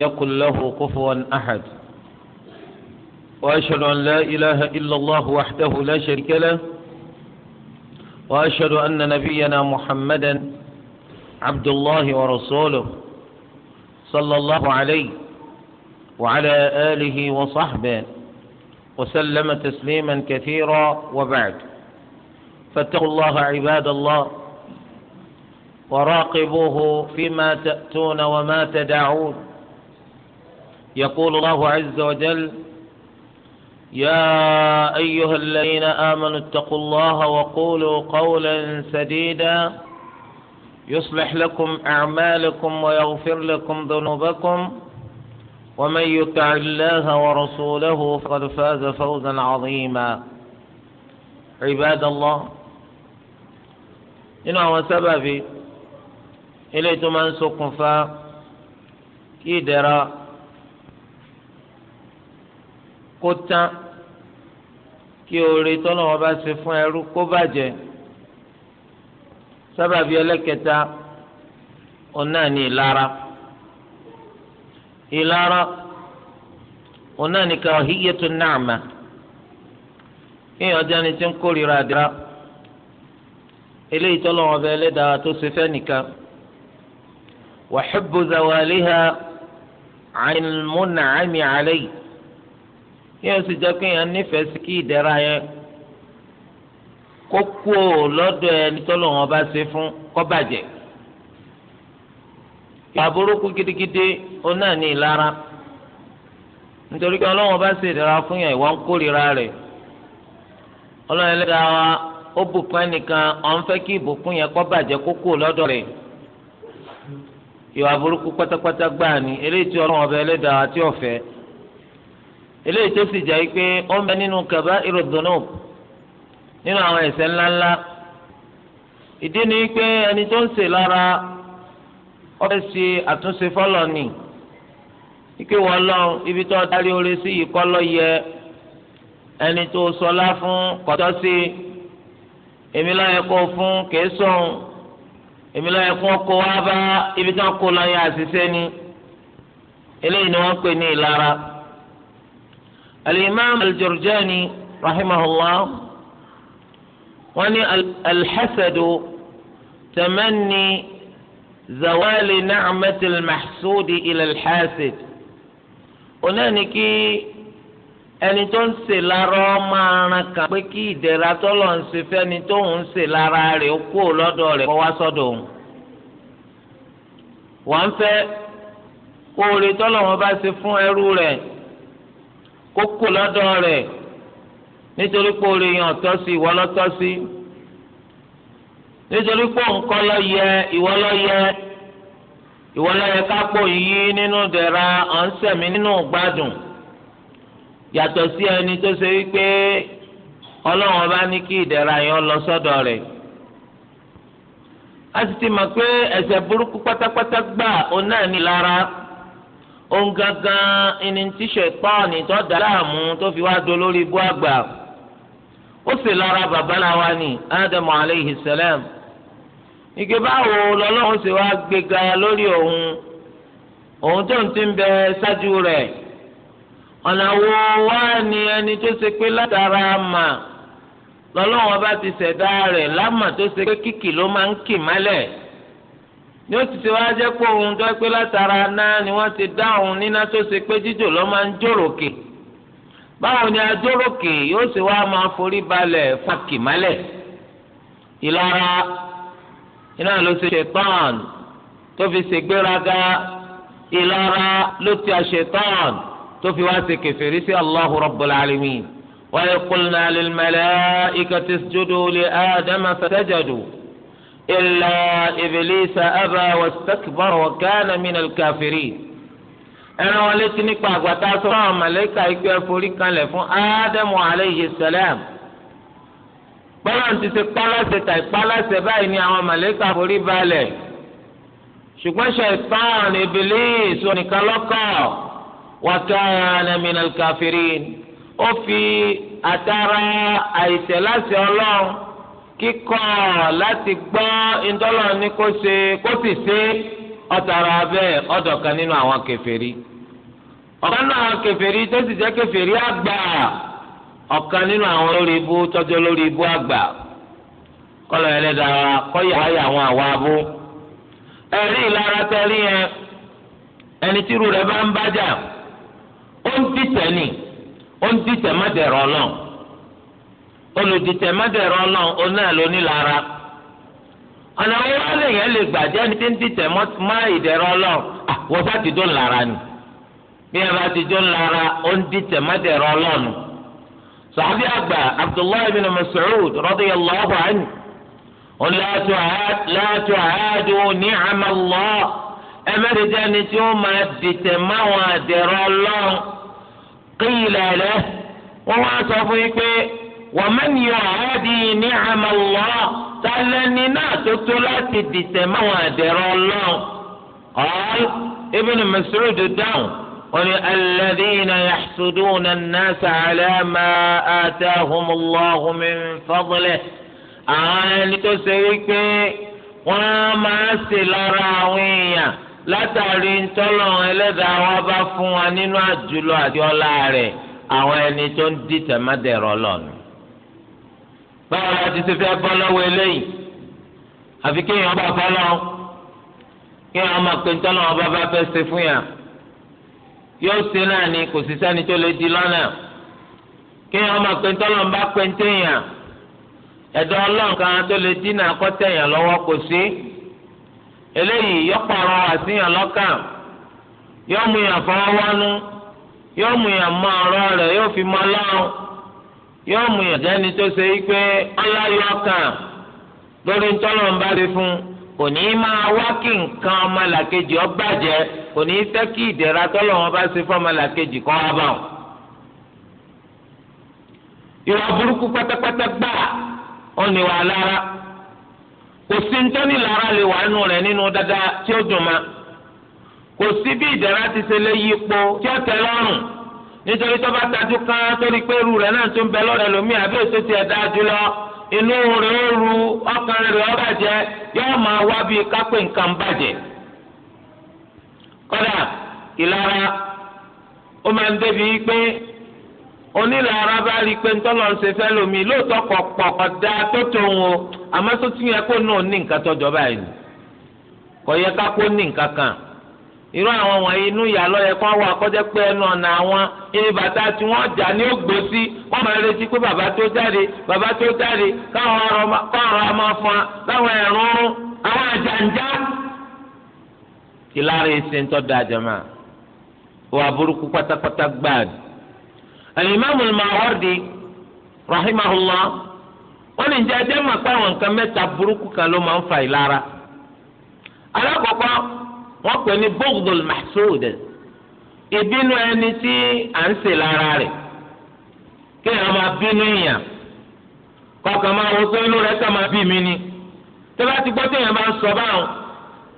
يقل له كفوا أحد وأشهد أن لا إله إلا الله وحده لا شريك له وأشهد أن نبينا محمدا عبد الله ورسوله صلى الله عليه وعلى آله وصحبه وسلم تسليما كثيرا وبعد فاتقوا الله عباد الله وراقبوه فيما تأتون وما تدعون يقول الله عز وجل يا أيها الذين آمنوا اتقوا الله وقولوا قولا سديدا يصلح لكم أعمالكم ويغفر لكم ذنوبكم ومن يطع الله ورسوله فقد فاز فوزا عظيما عباد الله إنه هو سببي إليتم أن سقفا كي kó tán kí oore tọ́lọ́wọ́ bá ṣe fún ẹrú kó bàjẹ́ sábàbí ẹlẹ́kẹta ọ̀nà ní ìlara ìlara ọ̀nà ní karahiyyatu na'ma kéèyàn jẹ́ni tí ń kórìíra àdìrá eléyìí tọ́lọ́wọ́ bá ẹlẹ́dàá tó ṣe fẹ́ nìkan wa hubbu zawaliha 'an al-mun'ami ihe o sì jẹ́ pé yẹn nífẹ̀ẹ́ sí kí ìdẹ̀ra yẹn kó kú o lọ́dọ̀ ẹni bá ṣe fún kó àbúrúkú gidigidi ó náà ní ìlara nítorí pé ọlọ́wọ́n bá ṣe ìdẹ̀ra fún yẹn ìwọ́n ń rẹ̀ ọlọ́run ẹlẹ́dàá wa ó bùkún ẹnìkan ọ̀n fẹ́ kí ìbùkún yẹn kó kó kú ò lọ́dọ̀ rẹ̀ ìwà pátápátá gbáà eléyìí tí eléyìí tó sì jẹ́ pé ó ń bẹ nínú kaba irudunub nínú àwọn ẹ̀ṣẹ̀ ńláńlá ìdí ni pé ẹni tó ń ṣe lára ó fẹ́ àtúnṣe fọlọ́ ni ike wọ́n lọ ibi tó darí oore sí yìí kọ́ lọ yẹ ẹni tó sọlá fún kọ́tọ́ sí èmi lọ́yẹ kó fún kẹsàn-án èmi lọ́yẹ kó kó wá bá ibi tó kó lọ́yẹ àṣìṣe ni eléyìí ni wọ́n pè ní ìlara. الإمام الجرجاني رحمه الله وني الحسد تمني زوال نعمة المحسود إلى الحاسد ونانكي ẹni tó ń ṣe lára ọmọ aran kan pé kí ìdẹ̀ra tọ́lọ̀ ń ṣe fẹ́ni tó ń ṣe lára rẹ̀ ó kó lọ́dọ̀ rẹ̀ kó wá sọ́dọ̀ òun. wọ́n fẹ́ kóore tọ́lọ̀ wọn bá ṣe fún ẹrú rẹ̀ kókó lọ́dọ̀ rẹ̀ nítorí pé orí yẹn ọ̀tọ́ sí ìwọ lọ́tọ́ sí nítorí pé nǹkan lọ yẹ ìwọ lọ yẹ ìwọ lọ yẹ kápò nínú dẹ̀ra ọ̀nsẹ̀mí nínú gbádùn yàtọ̀ sí ẹni tó ṣe wípé ọlọ́run ní kí ìdẹ̀ra lọ sọ́dọ̀ rẹ̀ ti mọ̀ pé burúkú pátápátá gbà ohun gangan ẹni tíṣọ ìpáàní tó dá láàmú tó fi wá do lórí ibú àgbà ó sì lára bàbá ni ádámù aleyhi sẹlẹm ike báwo lọ́lọ́run ṣe wá gbéga lórí òun òun tó ń ti ń bẹ ṣáájú rẹ̀ ọ̀nà wo wá ni ẹni tó ṣe pé látara mà lọ́lọ́run ọba ti ṣẹ̀dá rẹ̀ lámà tó ṣe pé kìkì ló máa ń kì mọ́lẹ̀. ní ó ti ti wá jẹ́ pé òun tó pé látara náà ni wọ́n ti dá òun níná tó ṣe pé jíjò ló máa ń jòròkè báwo ni ajòròkè yóò ṣe wá máa forí balẹ̀ fàkì málẹ̀ ìlara iná ló ṣe ṣetán tó fi se ìlara ló ti ṣetán tó fi wá ṣe kèfèrí sí Allahu Rabbul Alamin wa yaqulna إلا إبليس أبى واستكبر وكان من الكافرين ẹran wọn létí nípa àgbàtà sọ fún àwọn mọlẹka ìgbẹ forí kanlẹ̀ fún ádámù aleyhi sẹlẹm pọlọ ti ṣe pálásẹ tàì pálásẹ báyìí ni àwọn mọlẹka forí balẹ̀ ṣùgbọ́n ṣẹtàn ìbílíìsì onìkan lọkọ wàkàrà minal kafirin ó fi àtàrà àìṣẹ̀ láṣẹ Ọlọ́run kíkọ́ láti gbọ́ ìdọ́lọ̀ ní kó ṣe kó sì ṣe ọ̀tàrà bẹ́ẹ̀ ọ̀dọ̀ kan nínú àwọn kèfèrí ọ̀kan nínú àwọn kèfèrí tó sì jẹ́ kèfèrí àgbà ọ̀kan nínú àwọn lórí ibú tọ́jú lórí ibú àgbà kọ́lọ̀ ẹlẹ́dàá kọ́yà ayà àwọn àwa abú ẹ̀rí ìlara tẹ́rí yẹn ẹni tí irú rẹ̀ bá ń ó ń dìtẹ̀ ni ó ń dìtẹ̀ náà. olùdìtẹ̀ mọ́dẹ̀rọ̀ náà oná ẹ̀ lóní lára ọ̀nà wọn lèyàn lè gbàjẹ́ ní tí ń dìtẹ̀ mọ́ ìdẹ̀rọ̀ náà wọ́n bá ti dún lára ni bí ẹ bá ti dún lára ó ń dìtẹ̀ mọ́dẹ̀rọ̀ náà nù. sàbí àgbà abdullahi bin mas'ud radiyallahu anhu òun láàtú àádó ní àmàlọ́ ẹ mẹ́rin dání tí ó máa dìtẹ̀ máwọn àdẹ̀rọ̀ náà kíyìlẹ̀ rẹ̀ wọ́n wá sọ fún yín pé. ومن يعادي نعم الله تلننا تتلات دسما ودر الله قال ابن مسعود داون الذين يحسدون الناس على ما آتاهم الله من فضله àwọn ẹni tó ṣe wípé wọ́n máa ṣe lọ́ra àwọn èèyàn látàrí ntọ́lọ̀ ẹlẹ́dàá wa bá fún wa nínú àjùlọ àti ọlá rẹ̀ àwọn ẹni tó ń dìtẹ̀ mọ́dẹ̀rọ̀ lọ́nu. báwo la ti ṣe fẹ́ bọ́ lọ́wọ́ eléyìí àfi kéèyàn bá bọ́ lọ́wọ́ kéèyàn máa pe ntọ́nà ọba bá fẹ́ ṣe fún yà yóò ṣe náà ni kò sẹ́ni tó lè di lọ́nà kéèyàn máa pe ntọ́nà ọba pe ntẹ̀yàn ẹ̀dọ́ ọlọ́run tó lè lọ́wọ́ kò sí eléyìí yọpọ̀rọ̀ àṣìyàn lọ́kàn yọ̀ọ́mùyàn fọwọ́ wánú yọ̀ọ́mùyàn mọ ọ̀rọ̀ rẹ̀ yóò fi mọ ọlọ́run. yóò mú yàtọ̀ ẹni tó ṣe yí pé ọlá yọ kàn lórí ntọ́lọ̀ ń bá rí fún kò ní í máa wá kí nǹkan ọmọlàkejì ó bàjẹ́ kò ní í fẹ́ kí ìdẹ̀ra tọ́lọ̀ wọn bá ṣe fún kọ́ wá bá wọn. ìwà burúkú pátápátá gbà ó ní wà lára kò sí ntọ́ni lára lè wà nù rẹ̀ nínú dáadáa tí ó dùn ma kò sí bí ìdẹ̀ra ti ṣe yípo tí ó lọ́rùn. nítorí tó bá tajú kan torí pé irú rẹ̀ náà tó ń bẹ lọ́rẹ̀ lómi àbí èso tiẹ̀ inú ru ọkàn rẹ̀ ó bàjẹ́ yóò máa wá tó o àmọ́ tó kó náà ní nǹkan tọ́jọ́ báyìí kò yẹ ká kó irú àwọn wọ̀nyí inú ìyàlọ́ yẹ kó wà kọjá pé ẹnu ọ̀nà àwọn ibi bàtà tí wọ́n jà ní ògbósí wọ́n máa retí pé bàbá tó jáde bàbá tó jáde káwọn ọ̀rọ̀ ọmọ fún láwọn ẹ̀rún àwọn àjàǹjá. kìláàrí ẹsẹ̀ ń tọ́da wà burúkú pátápátá gbáàdì. alimami Mawardi rahimahullah wọ́n ní jẹ́ ẹjẹ́ mọ̀ nǹkan mẹ́ta burúkú kan ló máa ń wọ́n pè ní bughdul mahsud ìbínú ẹni tí à ń ṣe lára rẹ̀ kí ẹ̀ máa bínú èèyàn kọkàn máa wo pé inú rẹ̀ sọ máa bí mi ni tó bá ti gbọ́ tí èèyàn bá ń sọ báwọn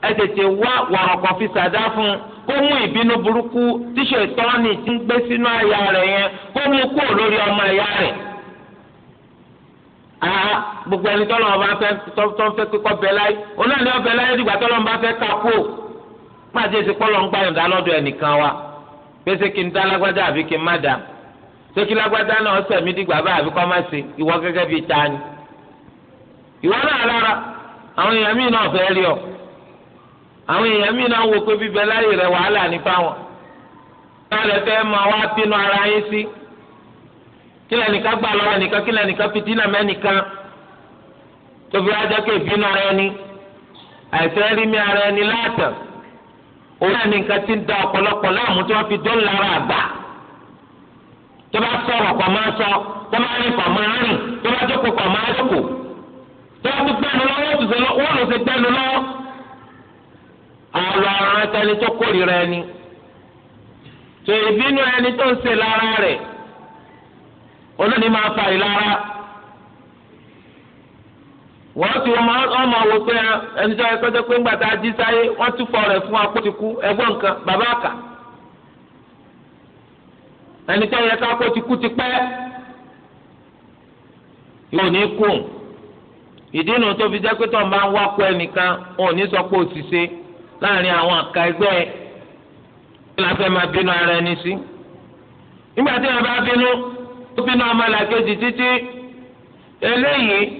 ẹ tètè wá wàrọ̀kọ̀ fi sàdá fún un kó mú ìbínú burúkú tíṣe tọ́ni tí ń gbé sínú àyà rẹ̀ yẹn kó mú kúrò lórí ọmọ àyà rẹ̀ aa gbogbo ẹni tọ́lọ́ ọba fẹ́ tọ́ fẹ́ kíkọ́ bẹ́ẹ̀ láyé onáà ní ọbẹ̀ láyé dìgbà tọ́lọ́ ọba fẹ́ kakó má jẹ́ ti pọ́lọ́ ń gbá yọ̀ǹda wa pèsè kí n dá lágbájá àbí kí n má dá ṣé kí lágbájá náà sẹ̀mí dìgbà bá àbí kọ́ má ṣe ìwọ gẹ́gẹ́ bíi ta ni ìwọ náà lára àwọn èèyàn míì náà fẹ́ rí ọ àwọn èèyàn míì náà wò pé bíbẹ láyè rẹ wàhálà fẹ́ ara yín sí kí gbà lọ́wọ́ kí fi dínà mẹ́nìkan tóbi ara ẹni àìfẹ́ rí mi ara ẹni òun náà ní nǹkan tí ń da ọ̀pọ̀lọpọ̀ láàmú tí wọ́n fi dó lára àgbà tó bá sọ̀rọ̀ kọ̀ máa sọ tó bá rìn kọ̀ máa rìn tó bá jókòó kọ̀ máa jókòó tó bá tún gbẹ́nu lọ́wọ́ tó ṣe lọ́wọ́ ló ṣe gbẹ́nu lọ́wọ́. àlọ́ ọ̀ràn tẹni tó kórìíra ẹni tó ìbínú ẹni tó ń ṣe lára rẹ̀ olóòní máa fa ìlara wọ́n ti ọmọ wò pé ẹni tó yẹ kọjá pé ńgbà tá a jí sáyé wọ́n tún fọ rẹ̀ fún wa kó ti kú ẹgbọ́n nǹkan bàbá àkà ẹni tó yẹ kó ti kú ti pẹ́ yóò ní kú ìdí nu tó fi jẹ́ pé tó ń bá ń wá kú ẹnìkan ò ní sọ pé òṣìṣe láàrin àwọn àka ẹgbẹ́ ẹ̀ kí la fẹ́ máa bínú ara ẹni sí nígbà tí wọ́n bá bínú ó bínú ọmọ làkejì títí eléyìí.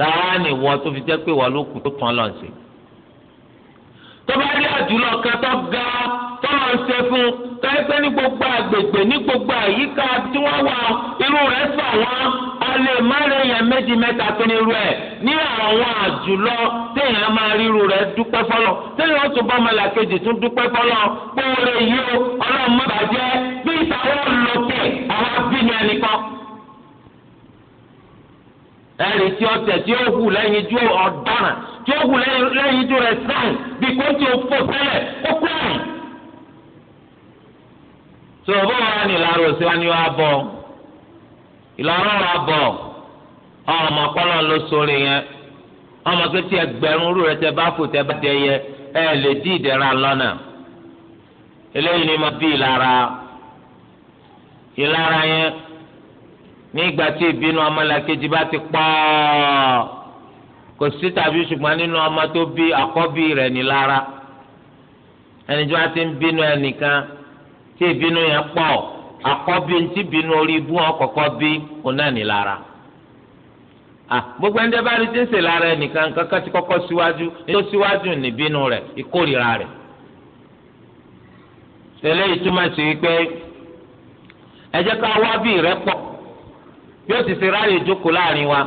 táwa ni wọ́n tó fi jẹ́ pé wọ́n ló kù tó tán lọ́n sí. tó bá rí àdúrà kan tó ga tó lọ́n ṣe fún tẹ́lifẹ́ ní gbogbo àgbègbè ní gbogbo àyíká tí wọ́n wà irú rẹ̀ sọ wọ́n a lè má lèèyàn méjì mẹ́ta tó ní irú ẹ̀ ní àwọn àjùlọ téèyàn máa rí irú rẹ̀ dúpẹ́ téèyàn tó bá ọmọ làkejì tún dúpẹ́ fọlọ́ pé oore yìí o ọlọ́run má ìtàwọn lòkè àwọn abínú ẹnìkan. ẹ̀rí tí ó tẹ̀ tí ó hù lẹ́yìn ju tí ó hù lẹ́yìn ju rẹ̀ bí kò tí ó fò o bá wà ní ìlànà òsì ni wàá bọ̀ ìlànà bọ̀ ọmọ kọ́lọ́ ló sórí yẹn ọmọ tí ẹgbẹ̀rún rú rẹ tẹ bá fò tẹ bá yẹ ẹ lè ni mo bí ìlara ìlara nígbà tí ìbínú ọmọlàkejì bá ti pọ̀ kò sí tàbí ṣùgbọ́n nínú ọmọ tó bí àkọ́bí rẹ̀ ní lára ẹni tí wọ́n ti ń bínú ẹnìkan tí ìbínú yẹn pọ̀ àkọ́bí tí ìbínú orí ibú wọn kọ̀kọ́ bí òun náà ní lára gbogbo ẹni tẹ́ bá rí tí ń sè lára ẹnìkan kankan ti kọ́kọ́ síwájú tó síwájú níbínú rẹ̀ ìkórìíra rẹ̀ tẹ́lẹ̀ ìtumọ̀ sí wípé ẹ jẹ́ ká wá bí ìrẹ́pọ̀ bí ó sì ráàyè jókòó láàrin wa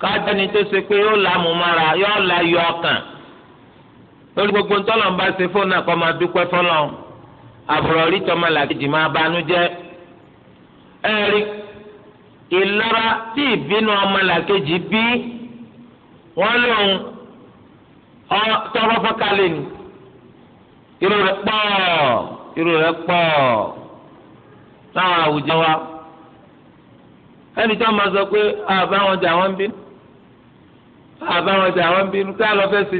kájọni tó ṣe pé yóò láàmú mára yóò la yọ ọkàn lórí gbogbo ntọ́lọ̀ bá ṣe fóònù náà kọ́ máa dúpẹ́ fọlọ́ àbúrọ̀rí tọ́mọ làkejì máa banú jẹ́ ẹ̀rí ìlara tí ìbínú ọmọ làkejì bí wọ́n lòun fọ́kálẹ̀ ni irú pọ̀ irú pọ̀ àwùjọ wa. ẹni tó máa sọ pé àbá wọn jà wọn bínú àbá wọn jà wọn bínú ká lọ fẹ́ ṣe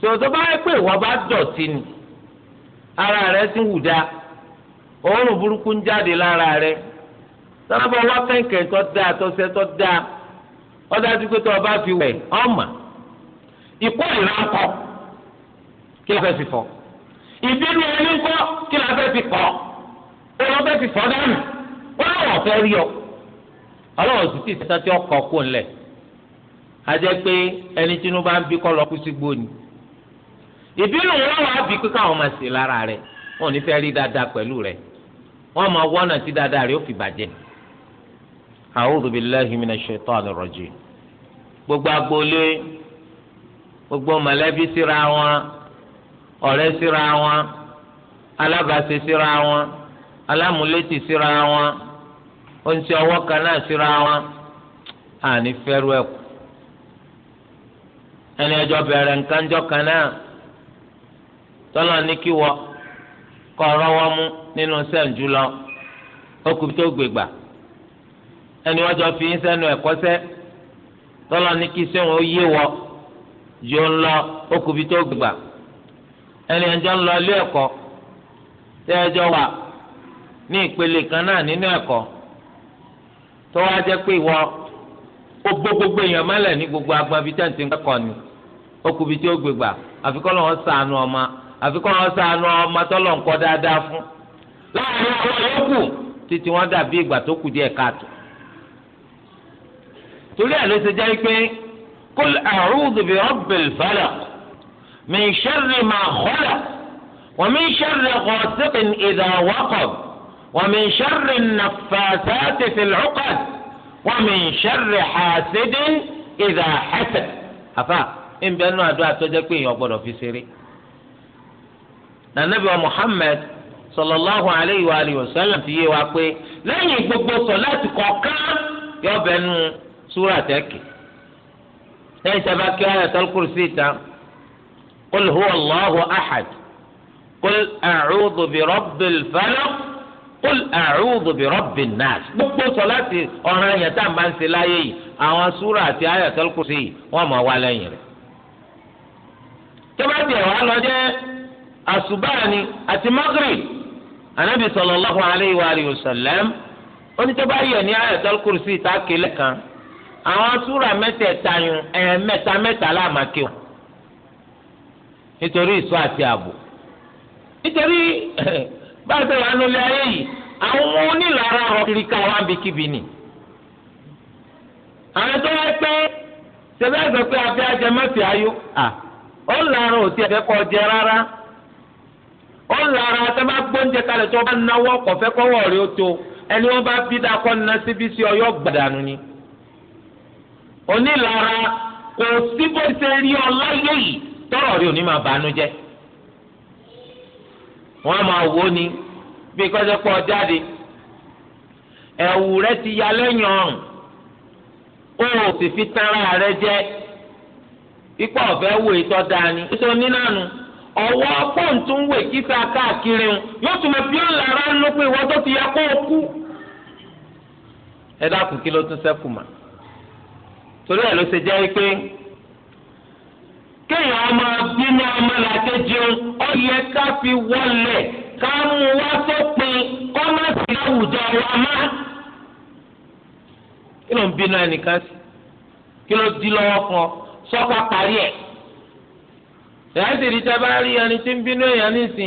tòótọ́ bá yẹ pé ìwọ bá dọ̀tí ni ara rẹ ti wù dá òórùn burúkú ń jáde lára rẹ tọ́lábọ̀ wá kẹ̀kẹ́ tó dáa tọ́sẹ̀ tó dáa ọ̀dájú pé tó o bá fi wẹ̀ ọ̀mà ìkó ìránkọ kí la fẹ́ fi fọ̀ ìbínú ẹni ńkọ́ kí la fẹ́ fi kọ́ ó lọ fẹ́ fi fọ́ dánù wọn làwọn fẹ́ rí ọ ọlọ́run sì ti sẹ́tàn tí ọkọ̀ kó ńlẹ̀ ajẹ́ pé ẹni tí inú bá ń bí kọ́ lọ kú sí gbóni ìbínú wọn wà á bí pé káwọn máa ṣe lára rẹ wọn ò ní fẹ́ rí dáadáa pẹ̀lú rẹ wọn máa wọ́nà tí dáadáa rẹ ó fi bàjẹ́ a'udhu billahi minash shaitani rajim gbogbo agboolé gbogbo mọ̀lẹ́bí síra wọn ọ̀rẹ́ síra wọn alábàáṣe síra wọn alámúlétì síra wọn. ó ń ṣe kan náà síra wọn ní fẹ́rù ẹ̀kú ẹni ẹjọ bẹ̀rẹ̀ nkanjọ kan náà tọ́lá ní kí wọ kọ́ mú nínú lọ tó gbègbà ẹni wọ́n jọ fi ń sẹ́nu ẹ̀kọ́sẹ́ tọ́lá ní kí sẹ́wọ̀n ó yé wọ yóò ń lọ tó gbègbà ẹni ń lọ ilé ẹ̀kọ́ tẹ́ wà ní ìpele tó wá jẹ́ pé ìwọ gbogbo èèyàn ní gbogbo agbọn bíi tẹ́ǹtì kọ́ ni tí ó gbé àfikọ́ lọ́wọ́ sànù ọmọ àfikọ́ lọ́wọ́ sànù ọmọ dáadáa fún láàrin àwọn yòókù títí wọ́n dàbí ìgbà tó kù díẹ̀ káàtó torí ẹ̀ ló ṣe jẹ́ pé ma ومن شر النفاثات في العقد ومن شر حاسد إذا حسد أفا إن بأنه أدعى تجاكوين يقبل في سيري النبي محمد صلى الله عليه وآله وسلم في يواقوي لا يقبل صلاة قوكا يوبن سورة تكي ليس باكي آية الكرسي قل هو الله أحد قل أعوذ برب الفلق qul a'udhu bi rabbin nas gbogbo sọláàtì ọ̀ràn yẹn tá a máa ń ṣe láyé yìí àwọn súrà àti ayatul kursi yìí wọ́n máa wá lẹ́yìn anabi sallallahu alayhi wa alihi wa sallam onítọ́ba yẹ ní ayatul kursi tá kan àwọn súrà mẹ́tẹ̀ẹ̀ta yun ẹ̀ẹ́mẹ́ta mẹ́ta láàmàkè báyìí wà lólé ayé yìí àwọn onílára ọkùnrin ká wá bí kíbi ni. àwọn tó wá pé ṣẹlẹ̀ ẹgbẹ́ pé afẹ ajẹ mẹfì ayó à ó lára ò tí kọ jẹ rárá ó lára gbóúnjẹ tó bá náwó kọfẹ kọwọ tó ẹni wọn ni. kò síbòsẹ rí ọ láyé tọrọ rí wọn a máa wò ni bí kọ́sẹ́ pọ̀ jáde ẹ̀wù rẹ ti ya lẹ́yìn ọrùn ó sì tara rẹ jẹ pípọ̀ ọ̀fẹ́ wò ètò dání ètò nínánu ọwọ́ pọ̀ǹtún kíkà káàkiri ń yóò tún mọ bí ó lára ń lópin tó ti yẹ kó o kú ẹ dákun kí ló tún sẹ́kù mà torí ẹ̀ ló ṣe jẹ́ pé. kéèyàn ọmọ ama ọmọ làkejì ó yẹ ká fi wọlé ká mú wá sópin kọ́ má sí àwùjọ wa má. kí ló ń bínú ẹnìkan sí kí ló di lọ́wọ́ kan parí ẹ̀. ìyá sì rí rí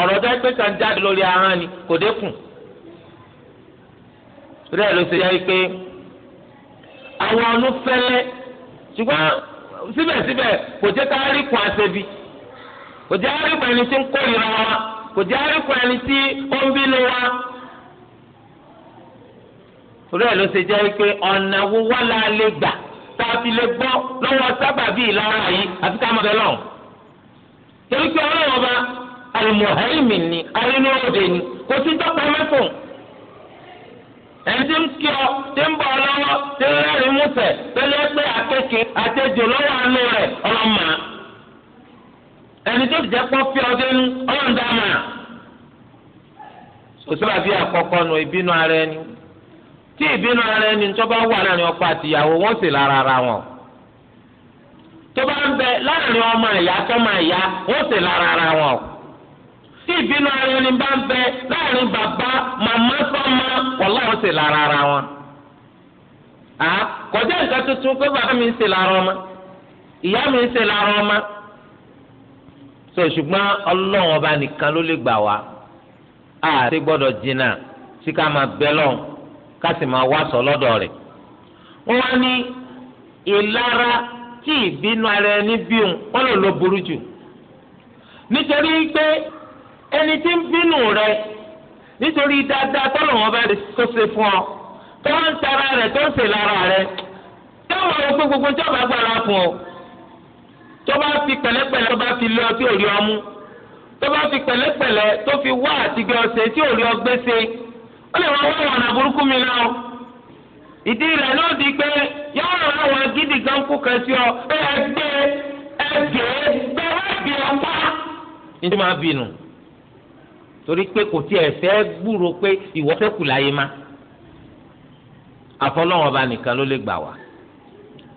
ọ̀rọ̀ ọjọ́ ẹgbẹ́ kan jáde lórí ahọ́n ni kò dẹ́kun rẹ̀ ló ṣe yẹ pé àwọn ọdún fẹ́lẹ́ ṣùgbọ́n síbẹ̀síbẹ̀ kò jẹ́ ká kun àṣebi kò jẹ́ ká kun ẹni tí ń wa kò jẹ́ ká kun ẹni tí ó ń bínú wa ló ṣe jẹ́ pé ọ̀nà la lè gbà tá fi lè gbọ́ lọ́wọ́ sábàbí ìlara yìí àti ká mọ̀ bẹ́ẹ̀ alimuhaimi ni arinúròde ni kò sí dọ́kítà mẹ́fò ẹni ń kí ọ tí ń bọ̀ lọ́wọ́ tí ń rẹ́rìn músẹ̀ tó pé akéèké àtẹjò lọ́wọ́ àánú rẹ̀ ọlọ́mà ẹni tó ti jẹ́ pọ́ fi ọdẹ nu ọlọ́ndàmà àkọ́kọ́ ara ẹni tí ìbínú ara ẹni tó bá wọn tó bá ń bẹ láàrin ọmọ ìyá tó máa sì lára wọn tí ìbínú ara ẹni bá ń bẹ láàrin bàbá màmá sọmọ wàlá wọn sì lára ara wọn. kọjá nǹkan tuntun pé bàbá mi ń ṣe lára ọmọ ìyá mi ń ṣe lára ọmọ. sọ ṣùgbọ́n ọlọ́run ọba nìkan ló lè gbà wá a ti gbọ́dọ̀ jìnnà sí ká máa bẹ lọ́n ká sì máa wá sọ lọ́dọ̀ rẹ̀. wọ́n ní ìlara tí ìbínú ara ẹni bí òun burú jù nítorí pé ẹni tí ń bínú rẹ nítorí dáadáa tọ́lọ̀ wọn bá tó ṣe fún ọ tó ń tara rẹ tó ń ṣe lára rẹ táwọn ọ̀rọ̀ gbogbo tí ọba gbára fún ọ tó bá fi pẹ̀lẹ́pẹ̀lẹ́ tó bá fi lé ọtí òrí ọmú tó bá fi pẹ̀lẹ́pẹ̀lẹ́ tó fi wá àtìgbẹ́ ọ̀sẹ̀ tí òrí ọgbẹ́ ṣe ó lè wọ́n wọ́n ọ̀nà burúkú mi náà ìdí rẹ̀ náà di pé yọ̀ọ́ rẹ̀ àwọn gidi gan kú kan sí ọ ẹ gbé ẹ gbé bẹ́ẹ̀ wá gbé ọ pa torí pé kò tiẹ̀ fẹ́ gbúrò pé ìwọ ṣẹ́kù láyé má àfọlọ́wọ́n ọba nìkan ló lè gbà wá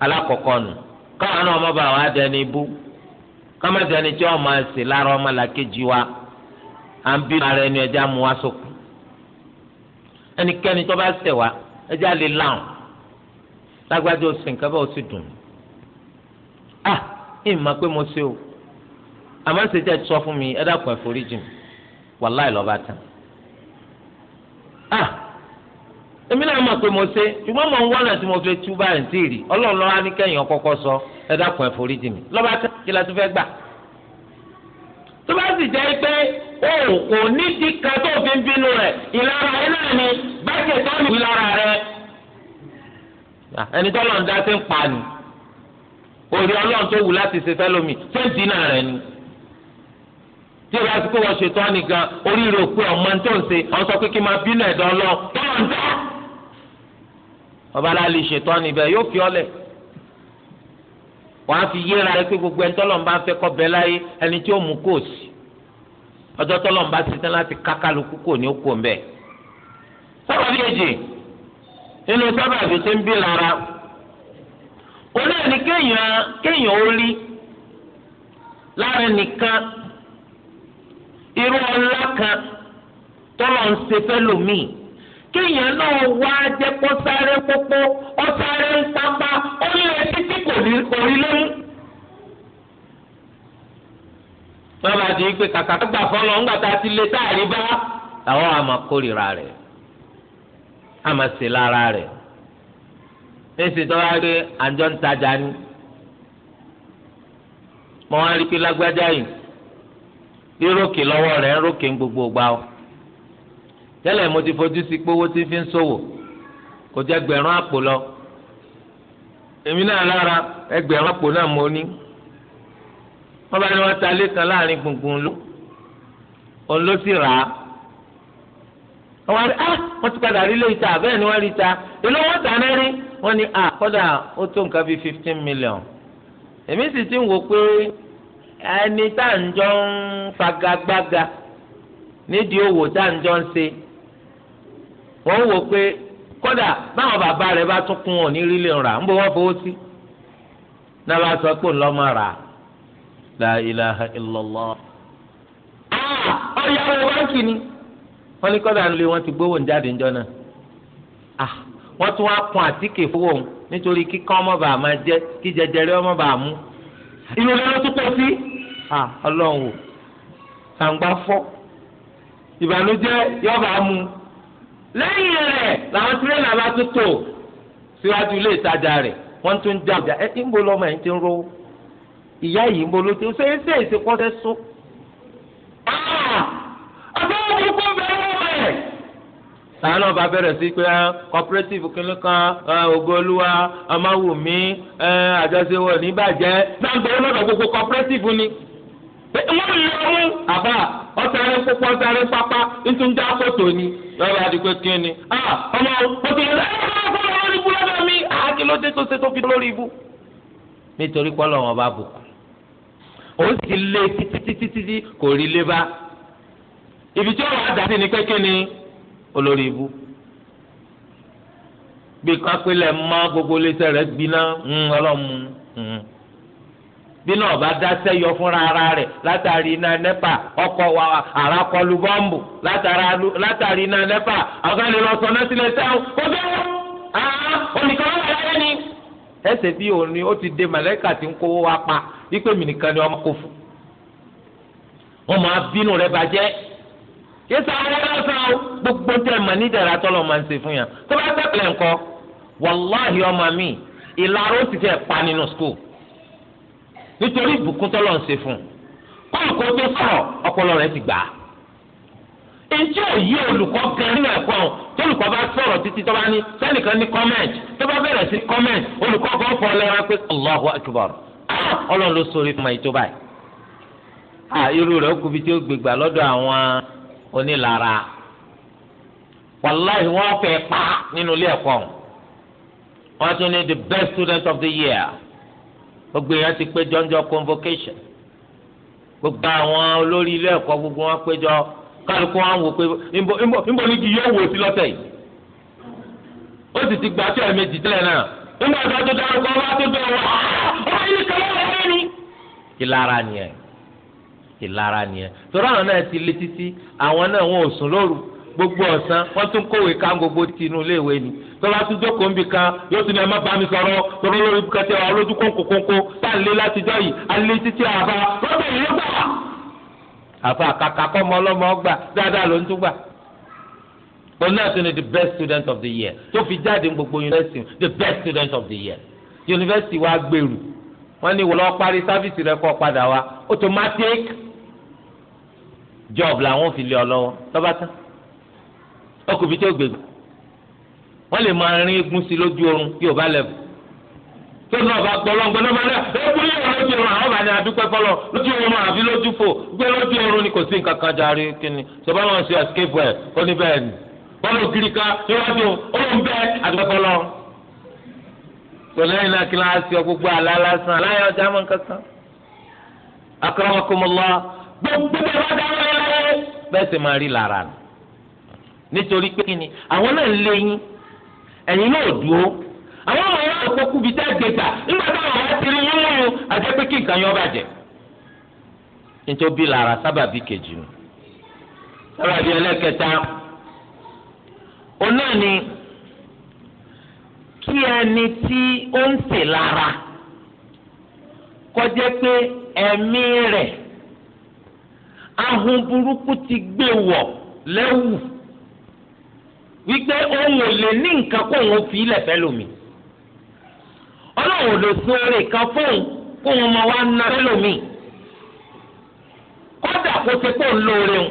alákọ̀ọ́kọ́ nù káwọn náà ọmọ bá wa dẹni bú káwọn dẹni tí wọn máa ṣe lára ọmọ làkejì wa à ń bí ara ẹni ẹja mu wá sókù ẹnikẹ́ni tó bá ṣẹ̀ wá ẹja lè láwọn lágbájá o sì nǹkan bá o sì dùn ah ìmọ̀ pé mo ṣe o àmọ́ ṣe jẹ́ sọ fún mi ẹ dákun ẹ̀ forí jìn mi wàláì lọ́ba tán. Ah, èmi náà mọ̀ pé mo ṣe ṣùgbọ́n mo ń wọ́nà tí mo fi tú báyìí tí ì rí ọlọ́run lọ́wọ́ á ní kẹ́yìn ọkọ̀ọ̀kọ̀ sọ ẹ dákun ẹ forí jì mí lọ́ba tán kí la tún fẹ́ gbà. tó bá sì jẹ́ pé o kò nídìí kan tó fi ń bínú rẹ̀ ìlara ẹ náà ni bákẹ́ tó ní ìlara rẹ̀. Ah, ẹni tọ́lọ́ ń dá sí ń pa ni òrì ọlọ́run tó wù láti ṣe fẹ́ lómi ṣé dínà rẹ̀ ni. tí o bá ti kó wọn ṣètò ọ̀nìkan oríire òpin ọmọ tó ń ṣe ọ̀n sọ pé kí n máa bínú ẹ̀dọ́ lọ ń yóò fi wọ́n fi yéra pé gbogbo ẹni tọ́lọ̀ ń bá fẹ́ kọ́ bẹ láyé ẹni tí ó mú sí ọjọ́ tọ́lọ̀ ń bá tán láti kò ní èjì nínú irú ọlá kan tọ́lọ̀ ń ṣe ka lòmíì kéèyàn náà wá jẹ́ kó sáré pópó ó sáré pápá ó lé títí kò rí lóyún. wọ́n di pé kàkà gbà fọlọ́ ńgbà tá ti táàrí bá làwọn àmọ́ kórìíra rẹ̀ àmọ́ sí lára rẹ̀ èsì tó wá àjọ ń tajà ni mo wá iroke lọwọ rẹ rẹ̀ ń gbogbo ụgbọ ọ tẹ́lẹ̀ mo ti fojú sí pé owó tí fi ń ṣòwò kò jẹ́ ẹgbẹ̀rún àpò lọ èmi náà lára ẹgbẹ̀rún àpò náà mo ní bá ní ta ilé kan láàrin gbùngbùn ló òun ló sì rà á wọ́n wá rí ah wọ́n ti padà rí ilé ìta bẹ́ẹ̀ ni wọ́n rí otu èló wọ́n tà náà rí ah ó tó nǹkan bíi fifteen million èmi sì ti ń wò pé ẹni tá à ń jọ ń fagagbága nídìí òwò tá à ń jọ ń ṣe wọ́n wò pé kódà báwọn bàbá rẹ̀ bá tún kún òní rí lè rà ń bọ̀ wọ́n fowó sí náà bá sọ pé ńlọ máa rà la ilaha illallah. Ah, ọ̀yà báńkì ni wọ́n ní kódà ń lé ti gbówó jáde náà ah, wọ́n tún wá kun àtíkè fowó nítorí kíkọ́ ọmọ bàá máa kí jẹjẹrẹ ọmọ bàá mú. ìrora ló tún pọ̀ Ha, ọlọ́run wò sàǹgbà fọ́ ìbànújẹ́ yọba mu lẹ́yìn rẹ̀ làwọn tirẹ̀là bá tó tò síwájú ilé ìtajà rẹ̀ wọ́n tún já ọjà ẹ ń bo lọ́mọ ẹ̀ ń ti ń rówó ìyá yìí ń bo ló ti ń sẹ́yìn sẹ́yìn sí kọ́sẹ́ sún. ọjọ́ náà bá bẹ̀rẹ̀ sí pé ah, cooperative kìnìún kan ah, ògo olúwa ọmọwùmí eh, àjọṣe wọn ní bàjẹ́ náà ń bẹ̀rẹ̀ lọ́dọ̀ gbogbo cooperative ni wọ́n lè mú àbá ọ̀sáré pópó ọ̀sáré pápá nítorí já fòtò ni lọ́wọ́ adigun kí ni ọmọ òtò yẹn lọ́wọ́ ọmọ lórí ibú lọ́dọ̀ mi àti lóde tó ṣe tó fi lórí ibú. nítorí pọ́lọ̀ wọn bá bù ó sì lé títí títí kò rí lé bá ibi tí ọ̀rọ̀ àdá sí ni kékeré ni olórí ibú bí kápẹ́lẹ̀ mọ́ gbogbo lẹ́sẹ̀ rẹ̀ gbiná hmm, ọlọ́mu. Hmm. bí náà bá yọ fúnra ara rẹ̀ látàrí iná nẹ́pà ọkọ̀ àràkọlù bọ́ǹbù látàrí iná nẹ́pà lọ sílẹ̀ sẹ́wọ̀n kó wọ́n olùkọ́ wà láyé ẹsẹ̀ bí òun ni ó ti dé tí ń wa pa wípé mi nìkan ni ọmọ kò fún. wọ́n máa bínú rẹ̀ bàjẹ́ yíṣẹ́ àwọn gbogbo tẹ̀ mọ̀ ní ìdàrà máa ń ṣe fún yàn tó bá nítorí ìbùkún tọ́lọ̀ ń ṣe fún un kọ́ọ̀kọ́ tó sọ̀rọ̀ ọpọlọ rẹ̀ ti gbà á. Ǹjẹ́ òye olùkọ́ gan nínú ẹ̀kọ́ ọ̀hún tó olùkọ́ bá sọ̀rọ̀ títí tó bá ní sẹ́nìkan ní kọ́mẹ̀ntì tó bá bẹ̀rẹ̀ sí kọ́mẹ̀ntì olùkọ́ kan fọ lẹ́wọ̀n pé Allahu Akbar ah, ọlọ́run ló sọ̀rọ̀ fún mi tó báyìí. Ah, irú rẹ̀ kúbi tí ó gbégbá lọ́dọ̀ àwọn onílara wàláhì wọ́n fẹ́ pa nínú ilé ẹ̀kọ́ ọ̀hún wọ́n tún ní the best student of the year gbogbo yẹn ti péjọ ń jọ convocation gbogbo àwọn olórí ilé ẹ̀kọ́ gbogbo wọn péjọ kálukú wọn wò pé nbọ nbọ nbọ ní kí yóò wò sí lọ́tẹ̀ yìí ó sì ti gbà tó ẹ̀mejì tẹ́lẹ̀ náà nbọ ìgbà tó dára kọ́ wá tó dọ̀ wá ọmọ yìí kàwé wọlé ni. kí lára nìyẹn kí lára nìyẹn torí àwọn náà ti lé títí àwọn náà wọn ò sùn lóru gbogbo ọ̀sán wọ́n tún kówèé ká gbogbo tinú iléèwé ni tọ́ba tún jókòó ń bì kan yóò tún ní ẹ má bá mi sọ̀rọ̀ tọ́ba lórí kẹtẹ wa lójú kónkó kónkó tá à ń lé látijọ́ yìí à ń lé títí àbá lọ́dọ̀ yìí ló gbà. àfa àkàkà kọ́ ọmọ ọlọ́mọ ọgbà dáadáa ló ń tún gbà. òun náà tún ni the best student of the year tó fi jáde gbogbo university the best student of the year university wa gbèrú wọ́n ní wọ́n parí sáfìsì rẹ̀ kọ́ padà wa automatic job làwọn fi lé ọ lọ́wọ́ lọ́ba tán ọkùnrin tó gbègbè wọ́n lè máa rin egun sí lójú oorun bí ò bá lẹ́bù tó náà bá gbọ́ lọ́ngbọ́ náà bá dẹ́ egun yóò lójú oorun àwọn àbáni àdúpẹ́ fọlọ́ lójú oorun àbí lójú fò gbé lójú oorun ni kò sí nǹkan kan darí kíni sọba wọn ṣe escape ẹ̀ ó ní bẹ́ẹ̀ ni wọ́n lọ kiri ká níwájú òun bẹ́ẹ̀ àdúpẹ́ fọlọ́ tòlẹ́yìn náà kí láá ṣe gbogbo àlá lásán aláyọ̀ ọjà mọ́ kankan akramakumullah gbogbo ìwà dáwọ́ lé lé bẹ́ẹ̀ sì máa rí lára nù nítorí ẹ̀yin náà dúró àwọn ọmọ yẹn àpò kúbi tẹ́ ta nígbà táwọn ọmọ ti rí wúlúwúlú àti pé kí nǹkan yẹn bàjẹ́. nítorí lára sábàbí kejì nù sábàbí ẹlẹ́kẹta òun náà ni kí ẹni tí ó ń sè lára kọjá wípé òun ò lè ní nǹkan kó òun fi ilẹ̀ fẹ́ lómi ọlọ́run ò lè sun oore kan fóun kó òun máa wá ná fẹ́ lómi kódà kó ṣe kó ń lo oore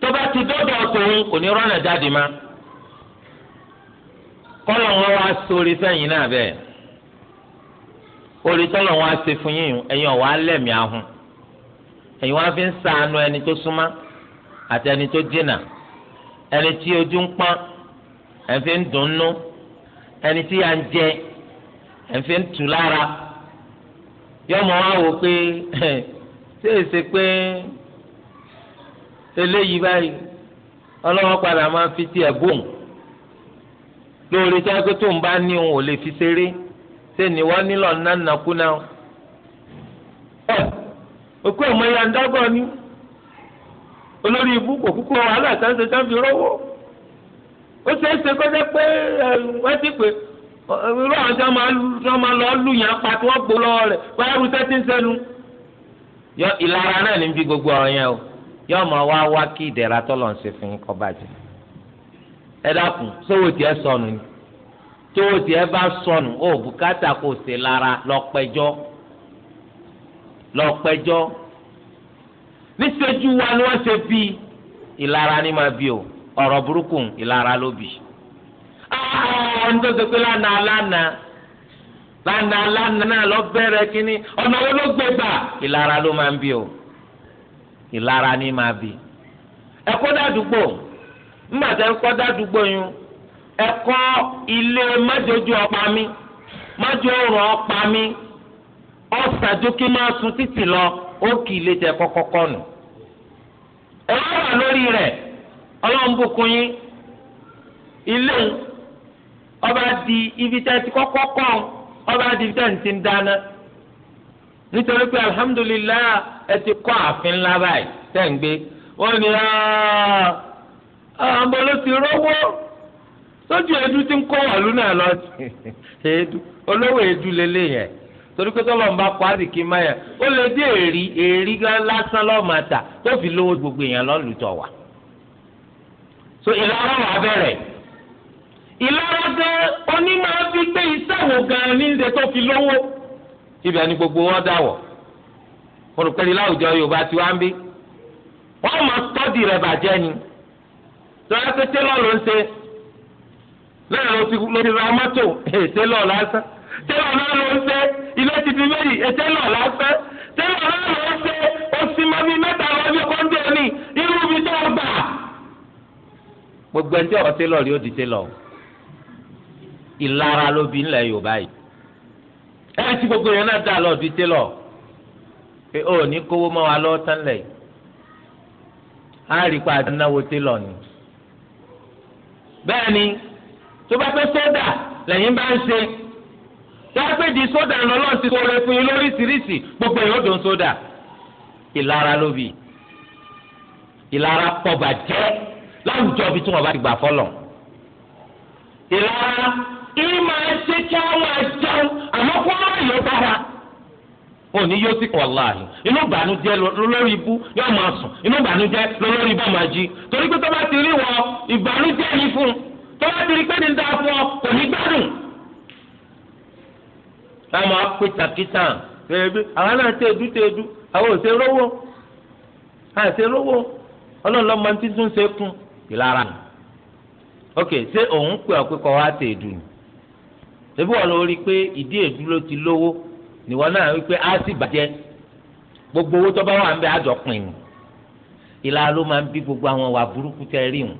tó bá ti dọ́dọ̀ tòun kò ní rọ́nà jáde má kọ́lọ̀ wọn wá sórí sẹ́yìn náà bẹ́ẹ̀ orí tọ́lọ̀ wọn á ṣe fún yín ẹ̀yin ọ̀wá lẹ̀mí ahùn ẹ̀yin wọn á fi ń ṣàánú ẹni tó súnmọ́ àti ẹni tó dínà ẹni tí ojú ń pọ́n ẹ̀fín ń dùnnú ẹni tí à ń jẹ ẹ̀fín ń tù lára yọmọ wa wò pé ṣé èsè pé eléyìí báyìí ọlọ́wọ́ padà máa fi tiẹ̀ bóun lórí jágbé tó ń bá ní òun ò lè fi ṣeré ṣé ni wọ́n nílò nánà kúnà ọ̀ òkú ẹ̀ mọ ìyá ń dágbọ́ ni olórí ibú kò kúkú wàhálà sáńsẹ sáńfi rówó ó ṣeé ṣe kọjá pé eh, wọ́n ti pè irú àwọn tí wọ́n máa lọ lù yàn pa tí wọ́n gbó lọ́wọ́ rẹ̀ báyà rú sẹ́tí ń sẹ́nu. yọ ìlara náà ní fi gbogbo ọ̀rọ̀ yẹn o yọ ọmọ wa wá kí ìdẹ̀ra tọ́lọ̀ ń ṣe fún yín kọ́ bàjẹ́. ẹ dákun sówó tiẹ̀ sọnù ni tówó tiẹ̀ bá sọnù ó bùkátà kò ṣe lára lọ́pẹjọ́ lọ́pẹjọ́ níṣẹ́jú wa ni wọ́n ṣe bí ìlara ni máa bí o ọ̀rọ̀ burúkú ìlara ló bì. àwọn ah, tó ṣe pé lánàá lánàá lánàá lánàá náà lọ bẹ̀rẹ̀ kínní ọ̀nà wo ló gbé gbà ìlara ló máa o ìlara ni máa bí. ẹ̀kọ́ dàdúgbò ńgbà tẹ́ dàdúgbò yín ẹ̀kọ́ ilé ọ̀pá mi lọ. ó kì í lé tẹ kọ́kọ́ kọ́nù ẹ wá wà lórí rẹ̀ ọlọ́run bùkún yín ilé ọba di ibi tẹ ti kọ́kọ́ kọ́ ọba di ibi tẹ ti ń dáná nítorí pé alihamudulilayi ẹ ti kọ́ ààfin ńlá báyìí tẹ̀ ń gbé wọ́n ní ah, àwọn ọmọ ti rówó sójú edu ti ń kó wàlú náà lọ sí edu olówó edu lélẹ́yìn. torí pé tọ́lọ̀ ń bá kọ́ àdìkí máyà ó lè dé èrí èrí gan lásán lọ́ọ̀mà tó fi lówó gbogbo èèyàn lọ́lùtọ̀ wà. so ìlara wà bẹ̀rẹ̀ ìlara gan onímọ̀ fi gbé iṣẹ́ wò gan ní tó fi lówó ibẹ̀ ni gbogbo wọn dà wọ̀ olùkọ́ni láwùjọ Yorùbá ti wá ń bí rẹ̀ bàjẹ́ ni tọ́lá tẹ́lẹ̀ náà ló ń ṣe ilé títí méjì ètè náà lásán tẹ́lẹ̀ náà ló ń ṣe oṣù mọ́bí mẹ́ta lọ́bí kọ́ńdé ní irú ibi tó ń gbà. gbogbo ẹni tí ọ̀rọ̀ tẹ́lọ̀ rí ó di tẹ́lọ̀ ìlara ló bí ńlẹ̀ Yorùbá yìí ẹ ti gbogbo yẹn náà dà lọ́ọ́ di tẹ́lọ̀ pé ó ní kówó mọ́ wa lọ́ọ́ tán lẹ̀ yìí tó bá fẹ́ sódà lẹ́yìn bá ń ṣe dágbé di sódà lọ́lọ́run ti sọ̀rọ̀ fún yín lóríṣiríṣi gbogbo èèyàn dùn sódà ìlara ló bì ìlara pọ̀gbà jẹ́ láwùjọ bí tí wọ́n bá ti gbà fọ́lọ̀ ìlara ìlú máa ṣe kí àwọn ẹ̀jẹun àmọ́ kó má yọ bára òní yóò sì kọ̀ láàyè inú ìbànújẹ́ lórí ibú yóò máa sùn inú ìbànújẹ́ lórí ibú máa jí torí pé tó bá ti rí wọ ìbànújẹ́ yìí fún un tó bá ti rí pé ní dáa fún ọ kò ní gbádùn ẹ máa pè tàkìtàn ṣèlú àwọn náà tẹ edu tẹ edu àwọn ò ṣe rówó à ṣe rówó ọlọ́ọ̀lọ́ máa ti tún ṣe kún ìlara nù. ok ṣé òun pè ọ́ pé kọ́ wá tẹ nù ṣébí wọn lórí pé ìdí èdú ló ti lówó nìwọ náà wípé á sì bàjẹ́ gbogbo owó tó bá wà ń bẹ àjọpin ni ìlara ló máa ń bí gbogbo àwọn wà burúkú tẹ rí wọn